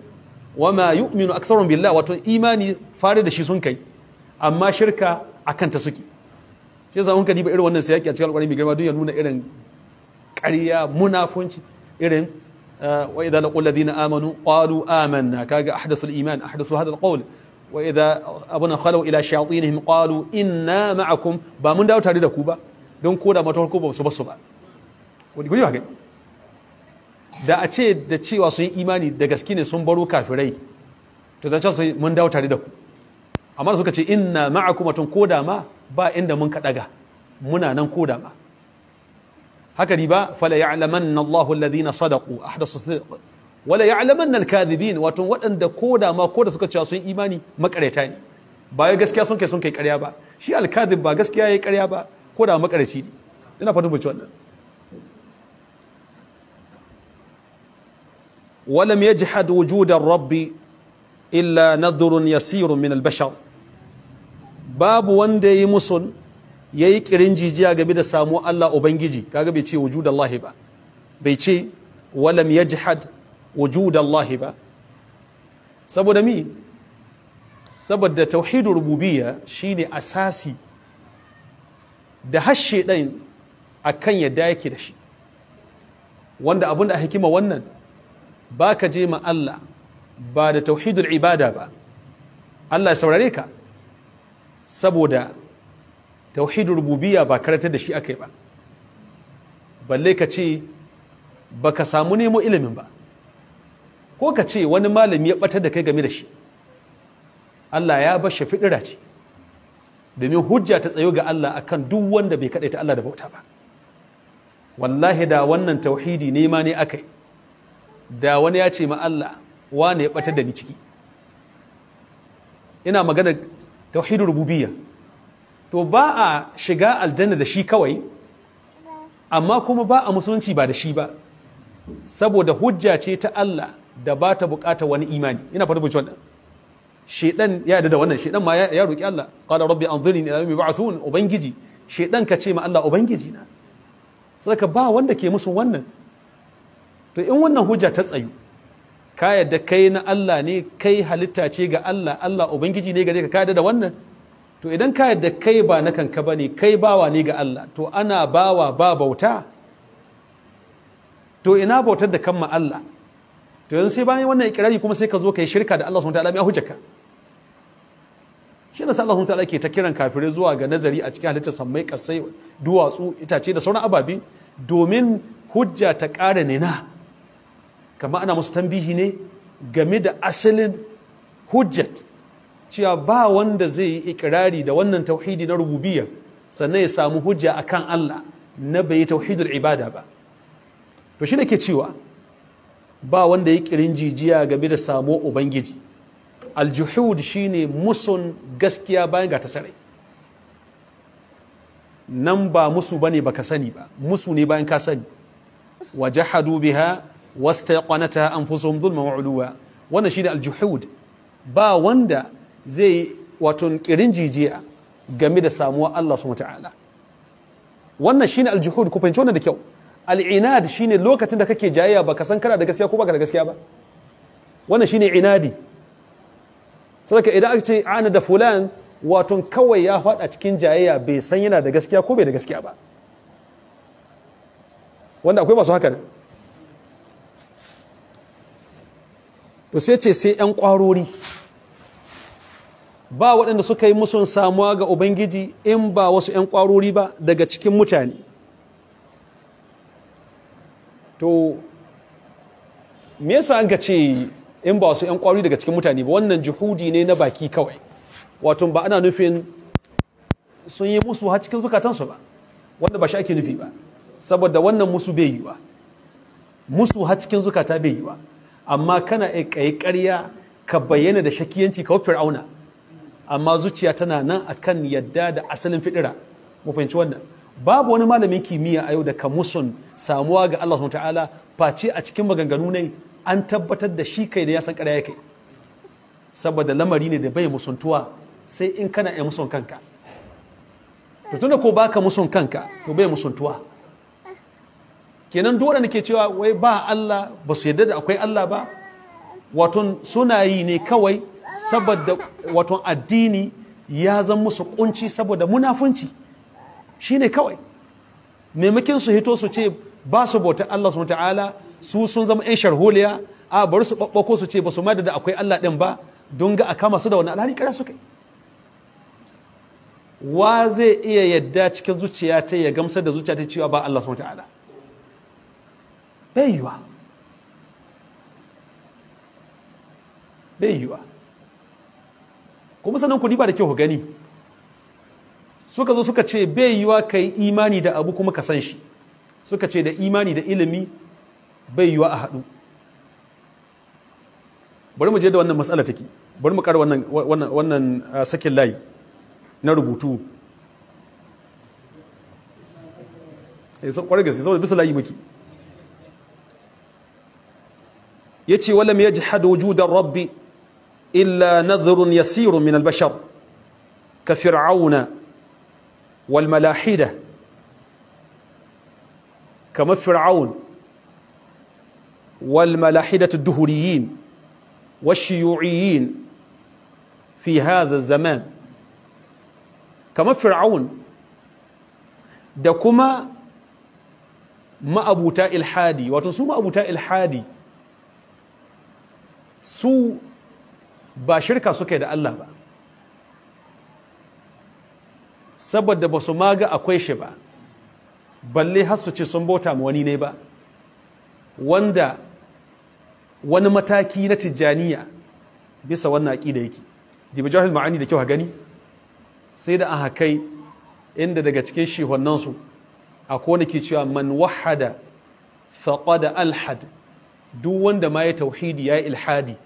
Speaker 1: wa wama yu'minu aktharun billah wato imani fare da shi sun kai amma shirka akan ta suke shi yasa ka diba irin wannan siyaki a cikin alƙur'ani mai girma don ya nuna irin ƙarya munafunci irin eh, wa idza laqul ladina amanu qalu amanna kaga ahdathu al-iman ahdathu hadha al-qawl wa idza abuna khalu ila shayatinihim qalu inna ma'akum ba mun dawo tare da ku ba don ko da matar ku ba su basu ba wani guri ba da a ce da cewa sun yi imani da gaske ne sun baro kafirai to da su mun dawo tare da ku amma suka ce inna ma'akum tun ko da ma ba inda mun ka daga muna nan ko da ma haka riba fala ya'lamanna Allahu alladhina sadaqu ahdasu wala ya'laman al kadhibin wato waɗanda ko da ma ko da suka cewa sun imani makareta ne ba ya gaskiya sun kai sun kai ƙarya ba shi al kadhib ba gaskiya yayi ƙarya ba ko da makareci ne ina fatan mu ci wannan ولم يجحد وجود الرب إلا نذر يسير من البشر باب wanda yi musun yayi kirin jijiya game da samu Allah ubangiji kaga bai ce wujud Allah ba bai ce walam yajhad wujud Allah ba saboda mi saboda tauhidur rububiyya shine asasi da hashe ɗan akan yadda yake da shi wanda abin da a hikima wannan baka je ma Allah ba da tauhidul ibada ba Allah ya saurare ka saboda tauhidur rububiya ba karatar da shi akai ba balle ka ce baka samu nemo ilimin ba ko ka ce wani malami ya batar da kai game da shi Allah ya bashe fiɗira ce domin hujja ta tsayo ga Allah akan duk wanda bai kaɗaita Allah da bauta ba wallahi da wannan tauhidi ne ma ne aka yi da wani ya ce ma Allah wane ya batar da ni ciki ina magana tauhidu rububiyya to ba a shiga aljanna da shi kawai amma kuma ba a musulunci ba da shi ba saboda hujja ce ta Allah da ba ta bukata wani imani ina fata bincin wannan shedan ya yarda da wannan shedan ma ya roki Allah qala rabbi anzirni ila yawmi ba'thun ubangiji shedan ka ce ma Allah ubangiji na Sai ka ba wanda ke musu wannan to in wannan hujja ta tsayu ka yarda kai na Allah ne kai halitta ce ga Allah Allah ubangiji ne gare ka ka yarda da wannan to idan ka yarda kai ba na kanka bane kai bawa ne ga Allah to ana bawa ba bauta to ina bautar da kan Allah to yanzu sai bayan wannan ikirari kuma sai ka zo ka yi shirka da Allah subhanahu ta'ala mai hujjaka shi ne Allah subhanahu ta'ala ke ta kiran kafirai zuwa ga nazari a cikin halittar sammai kasai duwatsu itace da sauran ababi domin hujja ta ƙara nina kama ana musu tambihi ne game da asalin hujjat cewa ba wanda zai yi ikirari da wannan tauhidi na rububiya sannan ya samu hujja akan Allah na bai tauhidul ibada ba to shi ne ke cewa ba wanda ya kirin jijiya game da samo ubangiji aljuhud shine musun gaskiya bayan ga ta nan ba musu bane baka sani ba musu ne bayan ka sani wajahadu biha wastaqanata anfusuhum zulma wa uluwa wannan shine aljuhud ba wanda zai wato kirin jijiya game da samuwa Allah subhanahu wa wannan shine aljuhud ku fahimci wannan da kyau al'inad shine lokacin da kake jayayya baka san kana da gaskiya ko baka da gaskiya ba wannan shine inadi saboda idan aka ce ana da fulan wato kawai ya faɗa cikin jayayya bai san yana da gaskiya ko bai da gaskiya ba wanda akwai masu haka ne to sai ce sai yan kwarori ba waɗanda suka yi musun samuwa ga ubangiji in ba wasu yan kwarori ba daga cikin mutane to me yasa an ka ce in ba su yan kwari daga cikin mutane ba wannan juhudi ne na baki kawai wato ba ana nufin sun yi musu har cikin zukatansu ba wanda ba shi ake nufi ba saboda wannan musu bai yiwa musu har cikin zukata bai yiwa amma kana kai ƙarya ka bayyana da shakiyanci ka wafir auna amma zuciya tana nan akan yadda da asalin fidira mu fahimci wannan babu wani malamin kimiyya a yau da kamusun samuwa ga Allah subhanahu ta'ala face a cikin maganganu ne an tabbatar da shi kai da ya san ƙarya yake saboda lamari ne da bai musuntuwa sai in kana ya musun kanka to tunda ko baka musun kanka to bai musuntuwa kenan duk wanda nake cewa wai ba Allah ba su yarda da akwai Allah ba wato suna yi ne kawai saboda wato addini ya zan musu kunci saboda munafunci Shi ne kawai maimakin su hito su ce ba su bauta Allah su ta'ala su sun zama yan sharholiya a bari su babbako su ce ba su mada da akwai Allah ɗin ba don ga a kama su da wani alhali ƙara su kai wa zai iya yadda cikin zuciya ta ya gamsar da zuciya ta cewa ba Allah su ta'ala bai yiwa bai kuma sanan ku ba da kyau ku gani suka zo suka ce bai yiwa ka yi imani da abu kuma ka san shi suka ce da imani da ilimi bai yiwa a haɗu bari mu je da wannan matsala take bari mu ƙara wannan uh, sakin layi na rubutu kwarar eh, gaske saboda bisa layi muke ya ce wala mai jihada wujudan rabbi illa nadhrun yasirun min albashar ka fir'auna والملاحدة كما فرعون والملاحدة الدهريين والشيوعيين في هذا الزمان كما فرعون دكما ما أبو تاء الحادي وتسو ما أبو تاء الحادي سو باشركة سكيد الله بقى saboda ba su maga akwai shi ba balle har su ce sun bauta ma wani ne ba wanda wani mataki na tijjaniya bisa wannan aƙida yake dibi jahil ma'ani da kyau ha gani sai da aka kai inda daga cikin shehonnan su akwai wani ke cewa man wahada da alhad duk wanda ma ya tauhidi ya yi ilhadi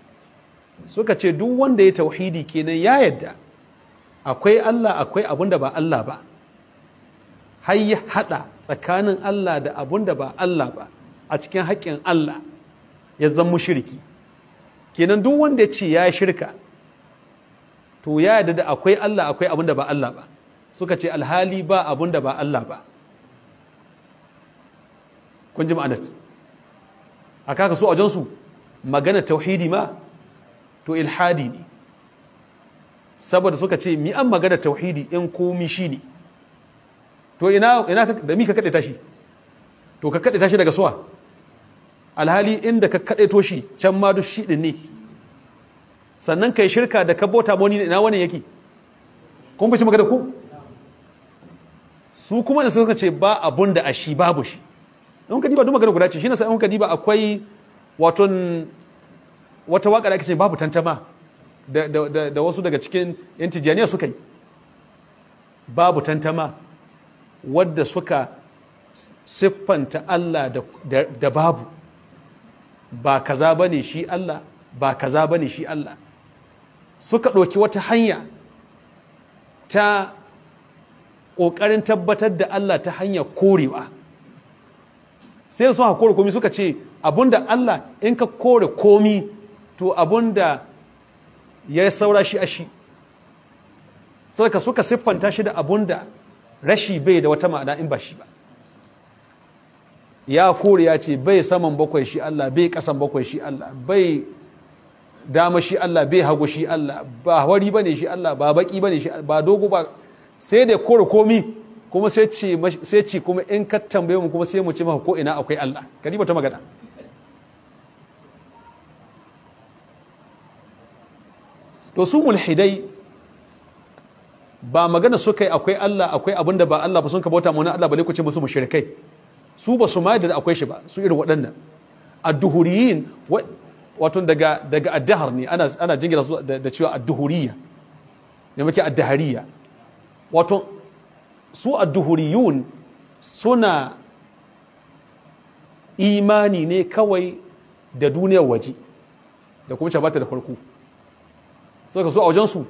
Speaker 1: suka ce duk wanda ya tauhidi kenan ya yadda akwai Allah akwai abun da ba Allah ba har ya haɗa tsakanin Allah da abun da ba Allah ba a cikin haƙƙin Allah ya zama shirki kenan duk wanda ya ce ya shirka to ya yarda da akwai Allah akwai abun da ba Allah ba suka ce alhali ba abun da ba Allah ba kun ji ma'anat a kaka so a jansu magana tauhidi ma to ilhadi ne saboda suka ce mi an magana tauhidi in komi shi ne to ina ina da mi ka kade tashi to ka kade tashi daga suwa alhali inda ka kade to shi can ma duk shi din ne sannan kai shirka da ka bota boni ina wani yake kun fice magana ku su kuma da suka ce ba abun da a shi babu shi in ka diba duk magana guda ce shi na sai in ka diba akwai wato wata waka da ake ce babu tantama da wasu daga cikin intijaniya suka yi babu tantama wadda suka siffanta Allah da babu ba kaza bane shi Allah ba kaza bane shi Allah suka ɗauki wata hanya ta ƙoƙarin tabbatar da Allah ta hanya korewa sai sun haƙori komi suka ce abinda Allah in ka kore komi to abinda ya saura shi shi sarka suka siffanta shi da abun da rashi bai da wata ma'ana in ba shi ba ya kore ya ce bai saman bakwai shi Allah bai kasan bakwai shi Allah bai dama shi Allah bai hagu shi Allah ba wari ne shi Allah ba baki ne shi ba dogo ba sai da kore komi kuma sai ce kuma in ka tambaye mu kuma sai mu ce maka ko ina akwai Allah kadiba ta magana to su mulhidai ba magana su kai akwai Allah akwai abin da ba Allah ba sun ka bauta mana Allah bale ku ce musu mushrikai su ba su ma da akwai shi ba su irin waɗannan ad-duhuriyin wato daga daga ad-dahr ne ana ana jingira su da cewa ad-duhuriyya ne muke ad-dahariyya wato su ad-duhuriyun suna imani ne kawai da duniyar waje da kuma ta da farko suka so a wajensu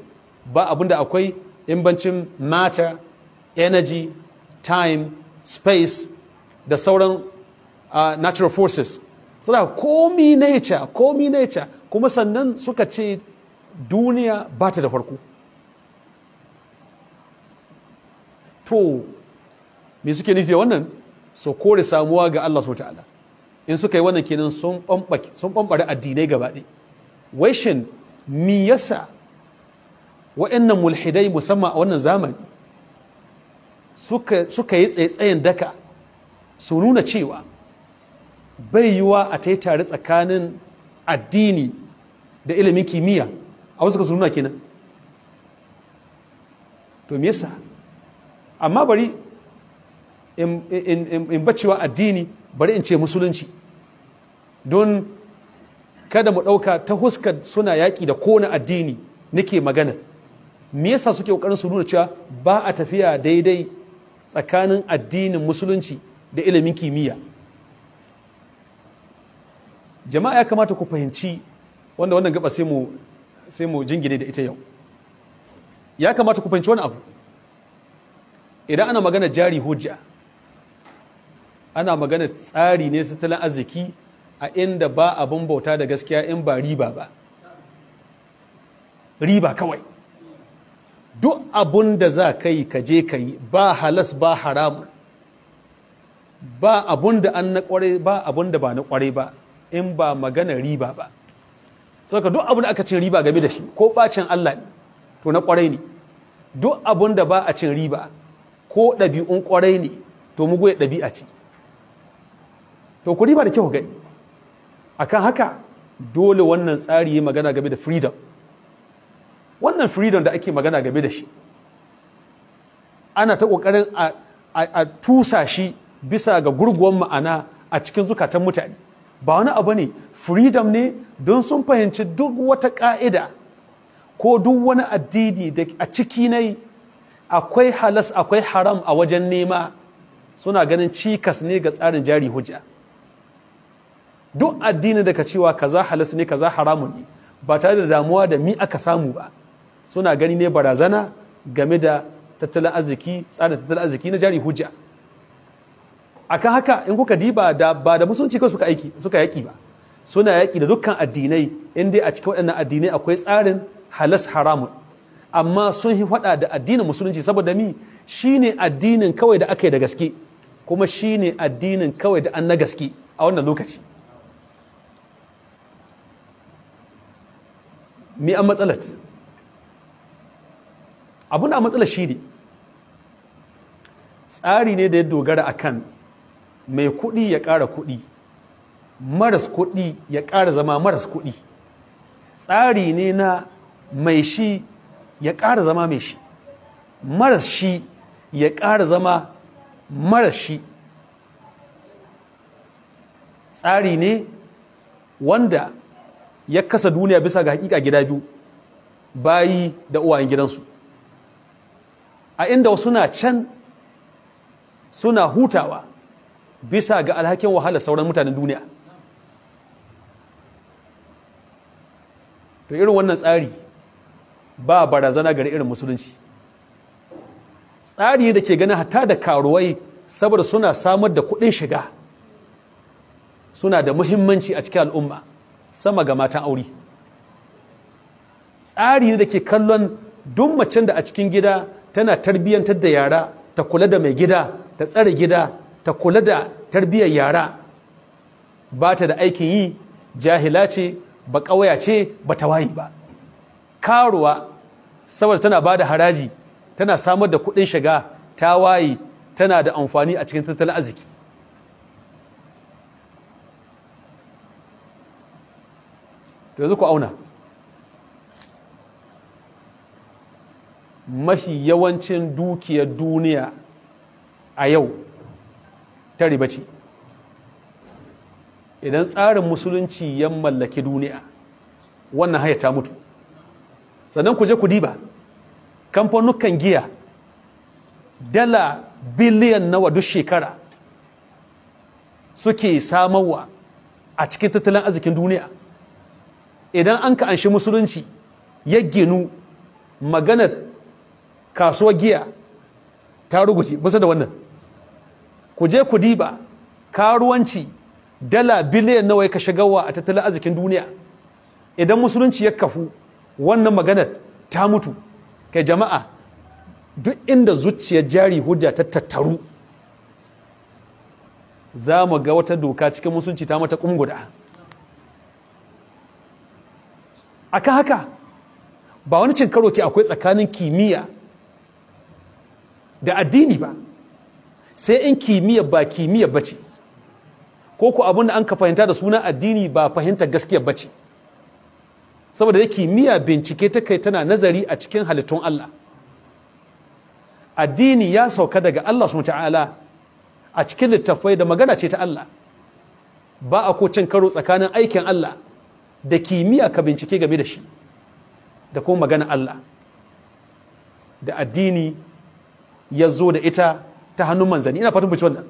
Speaker 1: ba abinda akwai imbancin mata, matter energy time space da sauran uh, natural forces suna komi nature komi nature kuma sannan suka ce duniya ba ta da farko to me suke nufi wannan so kore samuwa ga Allah subhanahu in suka yi wannan kenan sun bambare addinai gaba ɗaya wai shin mi yasa wa'annan mulhidai musamman a wannan zamani suka yi tsaitsayin daka su nuna cewa bai yiwa a ta yi tare tsakanin addini da ilimin kimiyya a wasu ka su nuna kenan to me yasa amma bari in bacewa addini bari in ce musulunci don kada mu ɗauka ta huskar suna yaƙi da kona addini nake magana me yasa suke ƙoƙarin su nuna cewa ba a tafiya daidai tsakanin addinin musulunci da ilimin kimiyya jama'a ya kamata ku fahimci wanda wannan gaba sai mu sai mu jingine da ita yau ya kamata ku fahimci wani abu idan ana magana jari hujja ana magana tsari ne tattalin arziki a inda ba abin bauta da gaskiya in ba riba ba riba kawai duk abun da za ka yi ka je ka yi ba halas ba haram ba abun da an na kware ba abun da ba na kware ba in ba magana riba ba sauka duk abun da aka cin riba game da shi ko bacin Allah ne to na kware ne duk abun da ba a cin riba ko ɗabi'un kware ne to mugu ya ɗabi'a ce to ku riba da kyau gani akan haka dole wannan tsari ya magana game da freedom wannan freedom da ake magana game da shi ana ta ƙoƙarin a tusa shi bisa ga gurguwan ma'ana a cikin zukatan mutane ba wani abu ne freedom ne don sun fahimci duk wata ƙa'ida ko duk wani addini da a ciki yi akwai halas akwai haram a wajen nema suna ganin cikas ne ga tsarin jari hujja duk addini daga cewa kaza halas ne kaza haramun ne ba tare da damuwa da mi aka samu ba suna gani ne barazana game da tattalin arziki tsarin tattalin arziki na jari hujja akan haka in kuka diba da ba da musulunci ko suka aiki suka yaki ba suna yaki da dukkan addinai in dai a cikin waɗannan addinai akwai tsarin halas haramun amma sun yi faɗa da addinin musulunci saboda mi shine addinin kawai da aka yi da gaske kuma shine addinin kawai da an na gaske a wannan lokaci me an matsalat abin a matsalar shi ne tsari ne da ya dogara a kan mai kuɗi ya ƙara kuɗi maras kuɗi ya ƙara zama maras kuɗi tsari ne na mai shi ya ƙara zama mai shi maras shi ya ƙara zama maras shi tsari ne wanda ya kasa duniya bisa ga hakika gida biyu bayi da uwayen gidansu a inda suna can suna hutawa bisa ga alhakin wahala sauran mutanen duniya to irin wannan tsari ba barazana gare irin musulunci tsari da ke gani hatta da karuwai saboda suna samar da kuɗin shiga suna da muhimmanci a cikin al'umma sama ga matan aure tsari da ke kallon duk macen da a cikin gida tana tarbiyyantar da yara ta kula da mai gida ta tsare gida ta kula da tarbiyyar yara ba ta da aikin yi jahila ce ba ƙauya ce ba ta wayi ba karuwa saboda tana ba da haraji tana samar da kuɗin shiga ta wayi tana da amfani a cikin tattalin arziki yanzu ku auna mafi yawancin dukiyar duniya a yau ta riba ce idan tsarin musulunci ya mallaki duniya wannan haya ta mutu sannan ku je ku diba kamfanukan giya dala biliyan nawa duk shekara suke samarwa a cikin tattalin arzikin duniya idan an ka anshi musulunci ya ginu maganar kasuwar giya ta ruguci bisa da wannan ku je ku diba karuwanci dala biliyan nawa ya kashe gawa a tattalin arzikin duniya idan musulunci ya kafu wannan maganar ta mutu kai jama'a duk inda zuciyar jari hujja ta tattaru za mu ga wata doka cikin musulunci ta mata kunguda aka haka ba wani cin karo ke akwai tsakanin kimiyya da addini ba sai in kimiyya ba kimiyya bace ko ku abin da an ka fahimta da suna addini ba fahimta gaskiya bace saboda da kimiyya bincike ta kai tana nazari a cikin halittun Allah addini ya sauka daga Allah su ta'ala a cikin littafai da magana ce ta Allah ba a ko cin karo tsakanin aikin Allah da kimiyya ka bincike game da shi da kuma magana Allah da addini ya zo da ita ta hannun manzanni ina fatan bincike wannan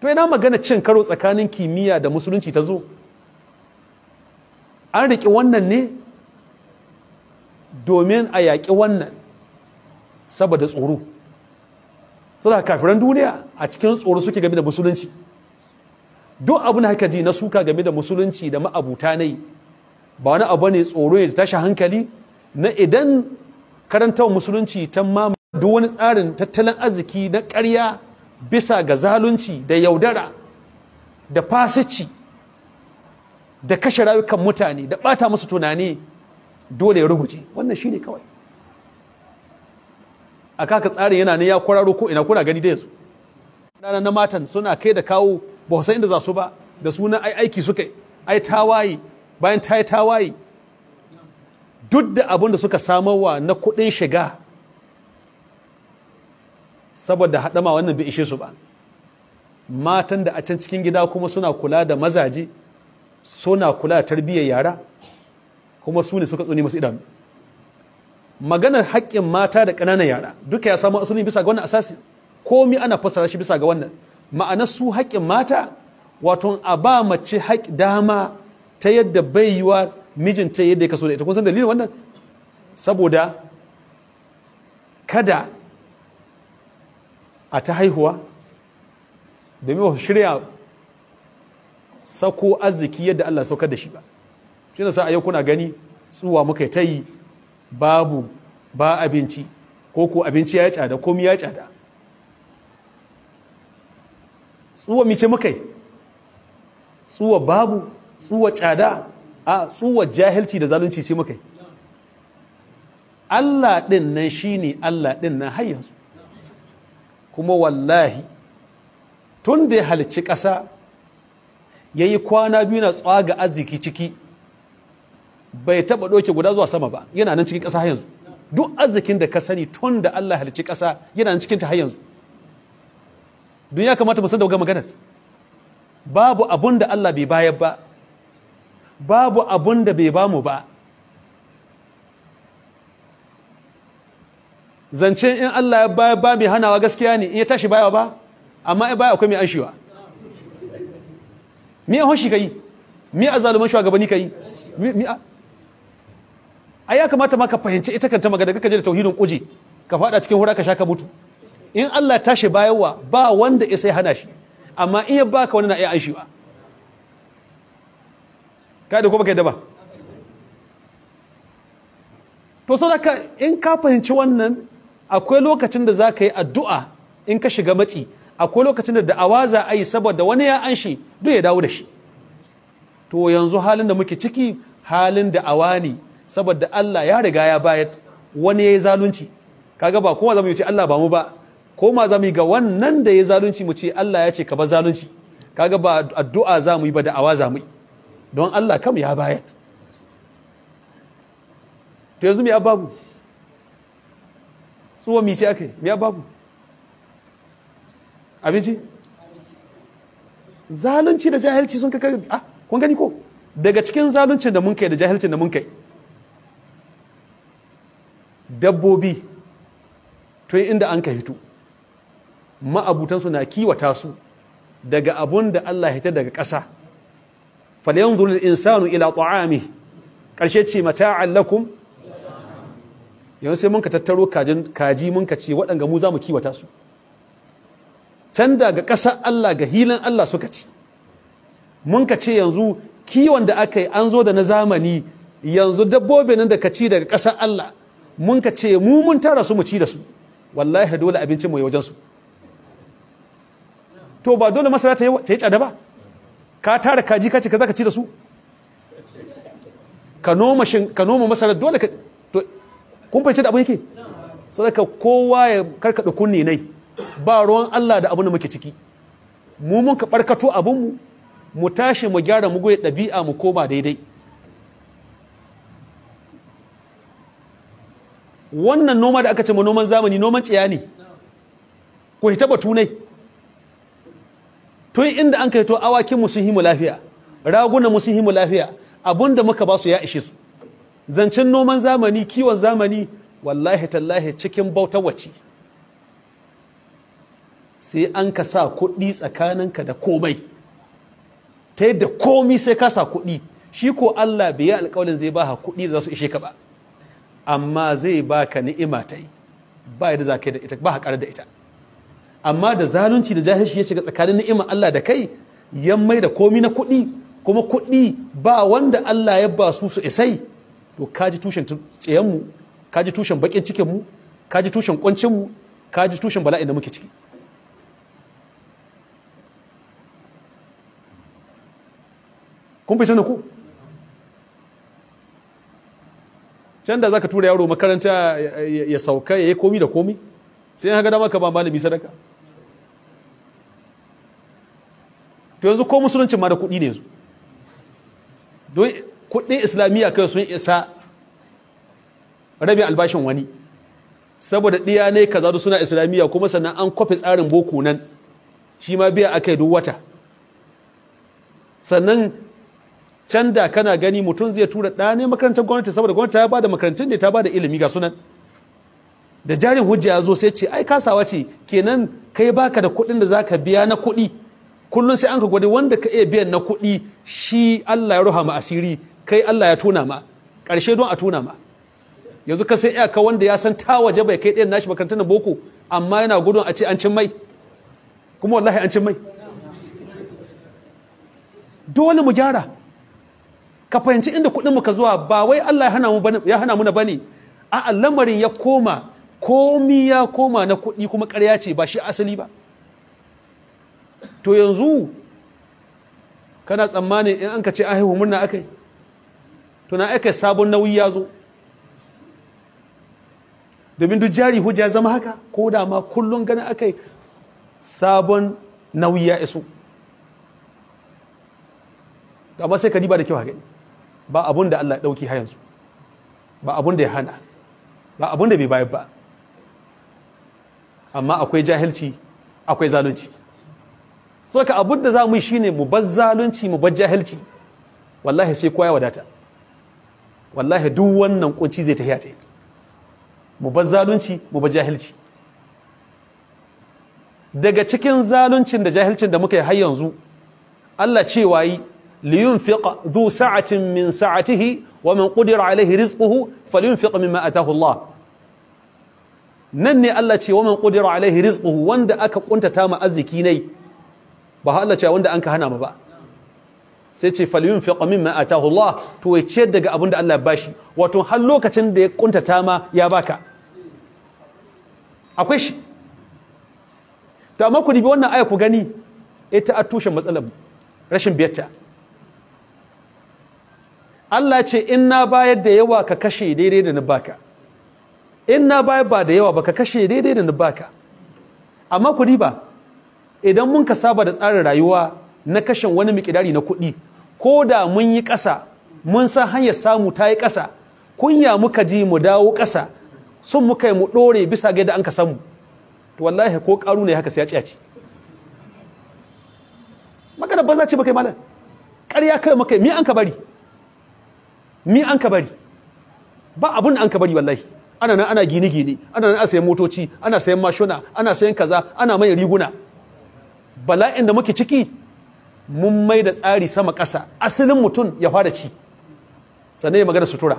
Speaker 1: to ina magana cin karo tsakanin kimiyya da musulunci ta zo an riƙe wannan ne domin a yaƙi wannan saboda tsoro suna kafiran duniya a cikin tsoro suke game da musulunci duk abin haka ji na suka game da musulunci da ma'abuta nai ba wani abu ne tsoro ya tashi hankali na idan karantar musulunci ta mama duk wani tsarin tattalin arziki na karya bisa ga zalunci da yaudara da fasici da kashe rayukan mutane da bata musu tunani dole ya rubuce wannan shi ne kawai a kaka tsarin yana ne ya kwararo ko ina kuna gani da yanzu na matan suna kai da kawo ba san inda za su ba da suna ai aiki suka ai tawaye bayan ta yi tawaye duk da abin da suka samarwa na kuɗin shiga saboda haɗama wannan bai ishe su ba matan da a can cikin gida kuma suna kula da mazaje suna kula da tarbiyyar yara kuma su ne suka tsuni masu idanu maganar haƙƙin mata da ƙananan yara duka ya samu asali bisa ga wannan asasi komi ana fassara shi bisa ga wannan ma'ana su haƙƙin mata wato a ba mace haƙƙi dama ta yadda bai wa mijinta yadda ya kaso da ita kun san dalilin wannan saboda kada a ta haihuwa domin ba shirya sako arziki yadda Allah sauka da shi ba shi na sa a yau kuna gani tsuwa muka ta yi babu ba abinci ko ko abinci ya tsada komi ya tsada tsuwa mice muka tsuwa babu tsuwa tsada a tsuwa jahilci da zalunci ce muka yi Allah ɗin nan shi ne Allah ɗin nan hayyansu kuma wallahi tun da ya halici ƙasa ya yi kwana biyu na tsaga arziki ciki bai taɓa ɗauke guda zuwa sama ba yana nan cikin ƙasa hayyanzu duk arzikin da ka sani tun da Allah halci ƙasa yana nan cikinta hayyanzu don ya kamata mu san da waga maganar babu abun da Allah bai bayar ba babu abun da bai bamu ba Zance in Allah ya bayar ba mai hanawa gaskiya ne in ya tashi bayawa ba amma ya baya akwai mai anshiwa mi a hoshi ka yi mi a zaluman shugabanni ka yi a ya kamata ma ka fahimci ita kanta magana kaka je da tauhidin kuji ka fada cikin hura ka sha ka mutu in Allah tashi bayarwa ba wanda ya hana shi amma in ya baka wani na iya an shi ba ka da ko baka ba to sadaka in ka fahimci wannan akwai lokacin da zaka yi addu'a in ka shiga matsi akwai lokacin da da'awa za a yi saboda wani ya an shi duk ya dawo da shi to yanzu halin da muke ciki halin da'awa ne saboda Allah ya riga ya bayar wani ya yi zalunci kaga ba kowa zama yi ce Allah ba mu ba koma za mu yi ga wannan da ya zalunci mu ce Allah ya ce ka ba zalunci kaga ba addu'a za mu yi ba da'awa za mu yi don Allah kam ya bayar to yanzu me ababu tsuwa mi ce aka yi me ababu abinci zalunci da jahilci sun kaka ah kun gani ko daga cikin zaluncin da mun kai da jahilcin da mun kai dabbobi tun inda an ka fito ma'abutansu na kiwata su daga abun da Allah hita daga ƙasa falyanzuru al-insanu ila ta'ami ƙarshe ce mata allakun yawon sai mun ka tattaro kaji mun ka ce waɗanga mu za mu kiwata su can daga ƙasa Allah ga hilin Allah suka ci mun ka ce yanzu kiwon da aka yi an zo da na zamani yanzu dabbobi nan da ka ci daga ƙasa Allah mun ka ce mu mun tara su mu ci da su wallahi dole abincin mu ya wajen su to ba dole masara ta yi tsada ba ka tara kaji ka ka zaka ci da su ka noma masara dole ka to kun fahimci da abu yake sadaka kowa ya karkada kunni nai ba ruwan Allah da abin da muke ciki mu mun ka barkato abin mu mu tashi mu gyara mu goye ɗabi'a mu koma daidai wannan noma da aka ce mu noman zamani noman tsiya ne ku hita tun inda an kai to awakin musuhimu lafiya Ragunan mu sun lafiya da muka ba su ya ishe su zancen noman zamani kiwon zamani wallahi tallahi cikin bauta wace sai an ka sa kuɗi ka da komai ta yadda komi sai ka sa kuɗi shi ko Allah bai yi zai ba kuɗi za su ishe ka ba amma zai baka ni'ima ta yi ba yadda za ka yi da ita ba haƙar da ita amma da zalunci da jahilci ya shiga tsakanin ni'imar Allah da kai yan mai da komi na kuɗi kuma kuɗi ba wanda Allah ya ba su su isai to kaji tushen tsayenmu kaji tushen bakin cikinmu kaji tushen kwancinmu kaji tushen bala'in da muke ciki kun fita na ku can da za ka tura yaro makaranta ya sauka ya yi komi da komi sai ya ga dama ka ba malami sadaka to yanzu ko musulunci ma da kuɗi ne su. don kuɗin islamiyya kai sun isa rabin albashin wani saboda ɗiya ne kaza da suna islamiyya kuma sannan an kwafi tsarin boko nan shi ma biya yi duk wata sannan can da kana gani mutum zai tura ɗa ne makarantar gwamnati saboda gwamnati ta ba da makarantun da ta ba da ilimi ga sunan da jarin hujja ya zo sai ce ai kasawa ce kenan kai baka da kuɗin da zaka biya na kuɗi kullum sai an ka gwada wanda ka iya biyan na kuɗi shi Allah ya ruha ma asiri kai Allah ya tuna ma ƙarshe don a tuna ma yanzu ka sai iyaka wanda ya san ta waje bai kai ɗayan nashi makarantar boko amma yana gudun a ce an cin mai kuma wallahi an cin mai dole mu gyara ka fahimci inda kuɗin mu ka zuwa ba wai Allah ya hana mu na bane a lamarin ya koma komi ya koma na kuɗi kuma ƙarya ce ba shi asali ba to yanzu kana tsammani in an ka ce ahihu murna akai to na akai sabon nauyi ya zo domin duk jari hujja zama haka ko da ma kullum ganin akai sabon nauyi ya iso amma sai ka diba da kyau haka ba abun da Allah ɗauki dauki yanzu ba abun da ya hana ba abun da bai bayar ba amma akwai jahilci akwai zalunci saka abin da za mu yi shine mu bar zalunci mu bar jahilci wallahi sai kowa ya wadata wallahi duk wannan kunci zai tafiya ta yi. mu bar zalunci mu bar jahilci daga cikin zaluncin da jahilcin da muka yi har yanzu Allah ce cewa yi fiqa dhu sa'atin min sa'atihi wa man qudira alaihi rizquhu fiqa mimma atahu Allah nan ne Allah ce wa man qudira alaihi rizquhu wanda aka kuntata ma arziki nai ba ha Allah cewa wanda an ka hana mu ba sai ce falyun fi qamin ma atahu Allah to ya ce daga abin da Allah ya bashi wato har lokacin da ya kuntata ma ya baka akwai shi to amma ku dibi wannan aya ku gani ita a tushen matsalar rashin biyarta Allah ce in na bayar da yawa ka kashe daidai da na baka in na bayar ba da yawa ba ka kashe daidai da na baka amma ku diba idan mun ka saba da tsarin rayuwa na kashin wani mikidari na kuɗi ko da mun yi ƙasa mun san hanyar samu ta yi ƙasa kunya muka ji mu dawo ƙasa sun muka yi mu ɗore bisa ga yadda an ka samu to wallahi ko ƙaru ne haka sai ya ci ya ci. magana banza ce baka yi malam ƙarya kai yi, mi an ka bari mi an ka bari ba abun an ka bari wallahi ana nan ana gine-gine ana nan a sayan motoci ana sayan mashuna ana sayan kaza ana mai riguna bala'in da muke ciki mun mai da tsari sama ƙasa asalin mutum ya fara ci sannan ya magana sutura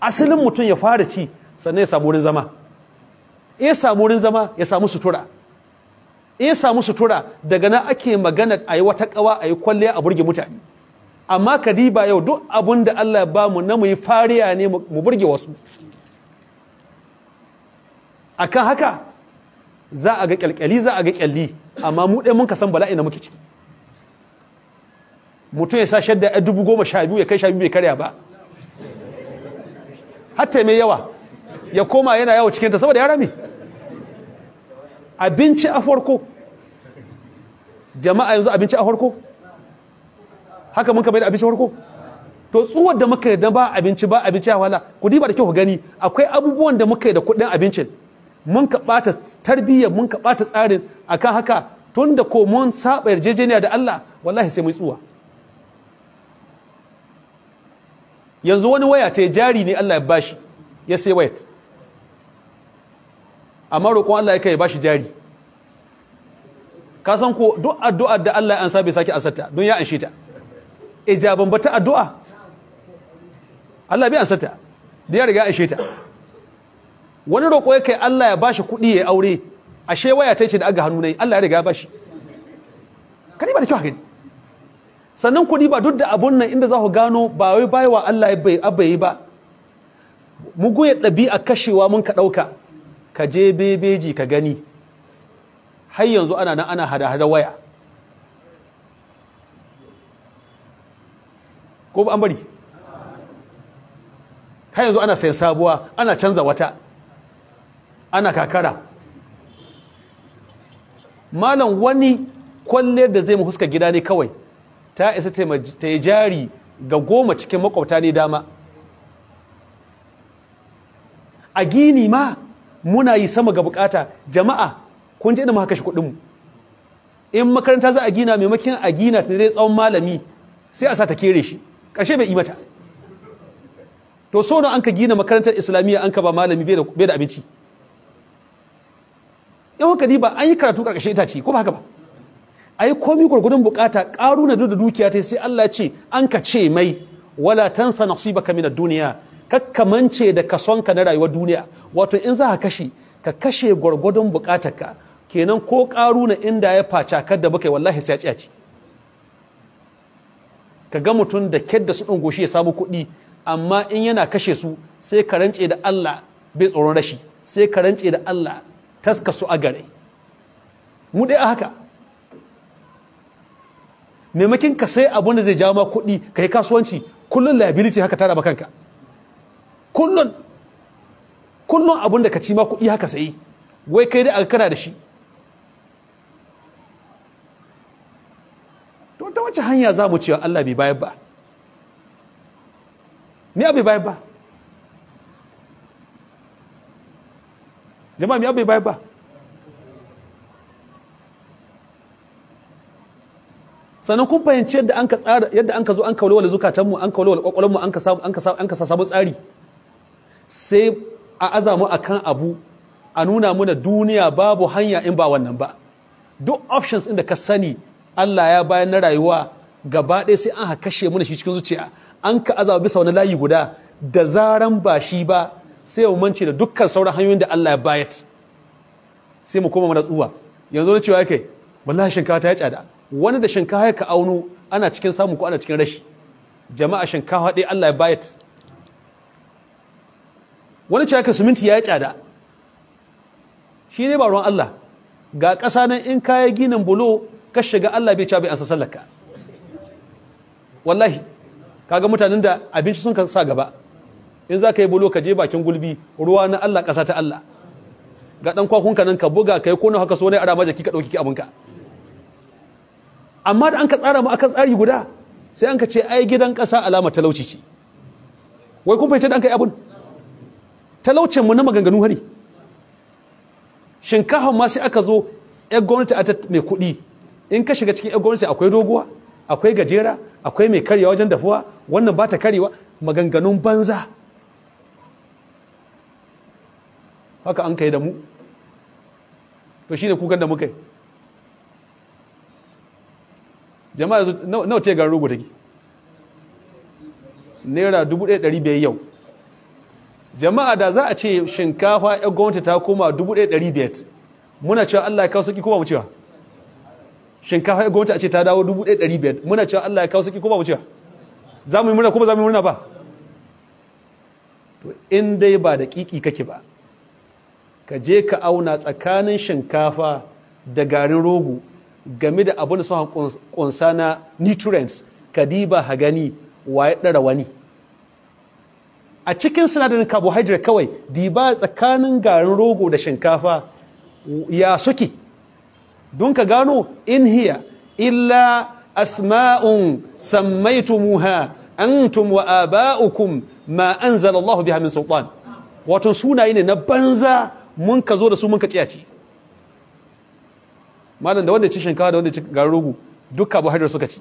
Speaker 1: asalin mutum ya fara ci sannan ya samu wurin zama ya samu wurin zama ya samu sutura ya samu sutura daga na ake magana a yi wata ƙawa a yi kwalliya a burge mutane amma kadiba yau duk abin da Allah ba mu na mu yi fariya ne mu burge wasu akan haka za a ga kyalkyali za a ga kyalli amma mu ɗaya mun ka san bala'i na muke ciki mutum ya sa shadda a dubu goma sha biyu ya kai sha biyu bai karya ba hatta mai yawa ya koma yana yawo cikinta saboda ya rami abinci a farko jama'a yanzu abinci a farko haka mun ka bai da abinci a farko to tsuwar da muka yi da ba abinci ba abinci a wala ku diba da kyau ku gani akwai abubuwan da muka yi da kuɗin abincin mun ka ɓata tarbiyya mun ka ɓata tsarin akan haka tun da ko mun saba yarjejeniya da Allah wallahi sai mun tsuwa yanzu wani waya ta jari ne Allah ya bashi ya sai wayat amma roƙon Allah ya kai bashi jari ka san ko duk addu'a da Allah ya ansa bai sake ansarta don ya anshe ta ijaban bata addu'a Allah bai ansarta da ya riga anshe ta wani roƙo ya kai Allah ya bashi kuɗi ya aure ashe waya ta ce da aga hannu nai Allah ya riga ya bashi kadi ba da kyau haka sannan kuɗi ba duk da abun nan inda za ku gano ba wai baiwa Allah bai abai ba mugu ya ɗabi'a kashewa mun ka ɗauka ka je bebeji ka gani har yanzu ana nan ana hada-hada waya ko ba an bari har yanzu ana sayan sabuwa ana canza wata ana kakara malam wani kwalle da zai huska gida ne kawai ta isa ta yi jari ga goma cikin makwabta ne dama a gini ma muna yi sama ga bukata jama'a kun je da mu haka shi mu, in makaranta za a gina maimakon a gina ta dai tsawon malami sai a sa ta kere shi ƙarshe bai yi mata to so an ka gina makarantar islamiyya an ka ba malami bai da abinci yawan ni ba an yi karatu karkashin itace ko ba haka ba a yi komi gwargwadon bukata karu na da dukiya ta sai Allah ce an ka ce mai wala tansa nasibaka min ad-dunya kakkamance da ka na rayuwar duniya wato in za ka kashe ka kashe gwargwadon bukatarka kenan ko karu na inda ya faca kar da baka wallahi sai ya ci ka ga mutum da kyadda su ɗin goshi ya samu kuɗi amma in yana kashe su sai ka rance da Allah bai tsoron rashi sai ka rance da Allah su a gare mu dai a haka maimakin ka sai abin da zai ja ma kuɗi ka yi kasuwanci kullum liability haka tara kanka kullum kullum abin da ka ci ma kuɗi haka sai wai kai dai a kana da shi to ta wace hanya za mu cewa Allah bai bayar ba ni a bai bayar ba jama'a me bai ba sannan kun fahimci yadda an ka tsara yadda an ka zo an ka zukatanmu an ka walwala an ka samu tsari sai a aza mu akan abu a nuna muna duniya babu hanya in ba wannan ba duk options inda ka sani Allah ya bayan na rayuwa gaba ɗaya sai an kashe muna shi cikin zuciya an ka aza bisa wani layi guda da zaran ba shi ba sai mu mance da dukkan sauran hanyoyin da Allah ya bayat sai mu koma mana tsuwa yanzu na cewa kai wallahi shinkafa ta ya tsada wani da shinkafa ya ka auno ana cikin samu ko ana cikin rashi jama'a shinkafa dai Allah ya bayat wani cewa ka suminti ya yi tsada shi ne ba ruwan Allah ga ƙasa nan in kaya ginin bulo ka shiga Allah bai cewa bai ansa sallaka wallahi kaga mutanen da abinci sun kan sa gaba in za ka yi bulo ka je bakin gulbi ruwa na Allah ƙasa ta Allah ga ɗan kwakunka nan ka buga ka yi kona haka so ne a rama jaki ka ɗauki abinka amma da an ka tsara mu akan tsari guda sai an ka ce ai gidan ƙasa alama talauci ce wai kun fahimci da an kai abun talaucin mu na maganganu hari shinkafa ma sai aka zo yan gwamnati a mai kuɗi in ka shiga cikin yan gwamnati akwai doguwa akwai gajera akwai mai karyawa wajen dafuwa wannan ba ta karyewa maganganun banza haka an kai da mu to shine kukan da muka yi jama'a yanzu nawa ce garin rogo take naira 1500 yau jama'a da za a ce shinkafa ya gwamnati ta koma 1500 muna cewa Allah ya kawo sauki koma mucewa shinkafa ya gwamnati a ce ta dawo 1500 muna cewa Allah ya kawo sauki koma mucewa za mu yi murna ko ba za mu yi murna ba to in dai ba da kiki kake ba ka je ka auna tsakanin shinkafa da garin rogo game da abin da suka kunsa na nutrients ka diba ha gani waye ɗara wani a cikin sinadarin carbohydrate kawai diba tsakanin garin rogo da shinkafa ya suke don ka gano in hiya illa asma'un sammaitumuha antum wa aba'ukum ma anzalallahu biha min sultan wato sunaye ne na banza mun ka zo da su mun ka ciyaci malam da wanda ci shinkawa da wanda ci garin rogo duk carbohydrate suka ci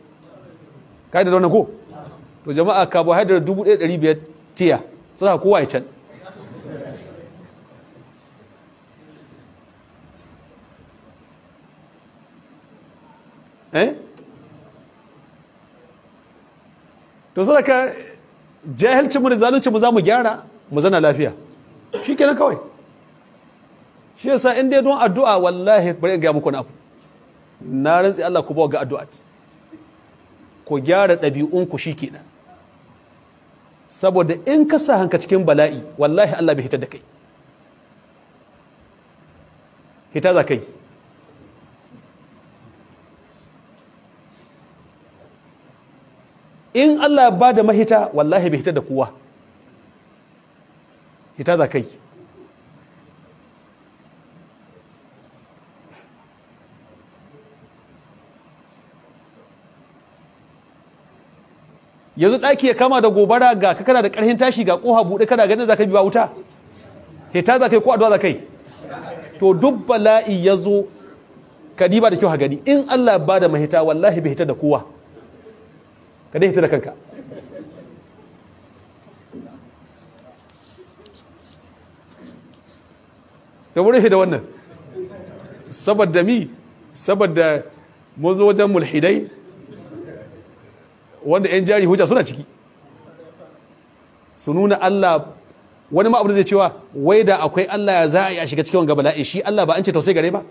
Speaker 1: kai da wannan ko to jama'a carbohydrate 1500 tiya sai kowa ya can eh to ka jahilcin mu da zalunci mu za mu gyara mu zana lafiya shikenan kawai shi yasa in dai don addu'a wallahi bari in ga muku na abu na rantsi Allah ku bawa ga addu'a ku gyara ɗabi'unku shi kenan saboda in ka sa hanka cikin bala'i wallahi Allah bai hitar da kai hita za kai in Allah ba da mahita wallahi bai hita da kowa hita za kai yanzu ɗaki ya kama da gobara ga kakana kana da ƙarhin tashi ga ƙoha buɗe kana ganin za ka biya wuta heta za ka yi ko addu'a za ka yi to duk bala'i ya zo ka diba da kyau gani in Allah ba da mahita wallahi bai hita da kowa ka dai hita da kanka ta wurin da wannan saboda mi saboda mun zo wajen mulhidai wanda yan jari hujja suna ciki su nuna Allah wani ma'abin zai cewa wai da akwai Allah ya za a yi a shiga cikin gaba la'ishi Allah ba an ce tausai gare ba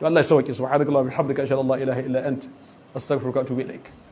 Speaker 1: to Allah ya sauke subhanakallahumma bihamdika ashhadu an la ilaha illa anta astaghfiruka wa atubu ilaik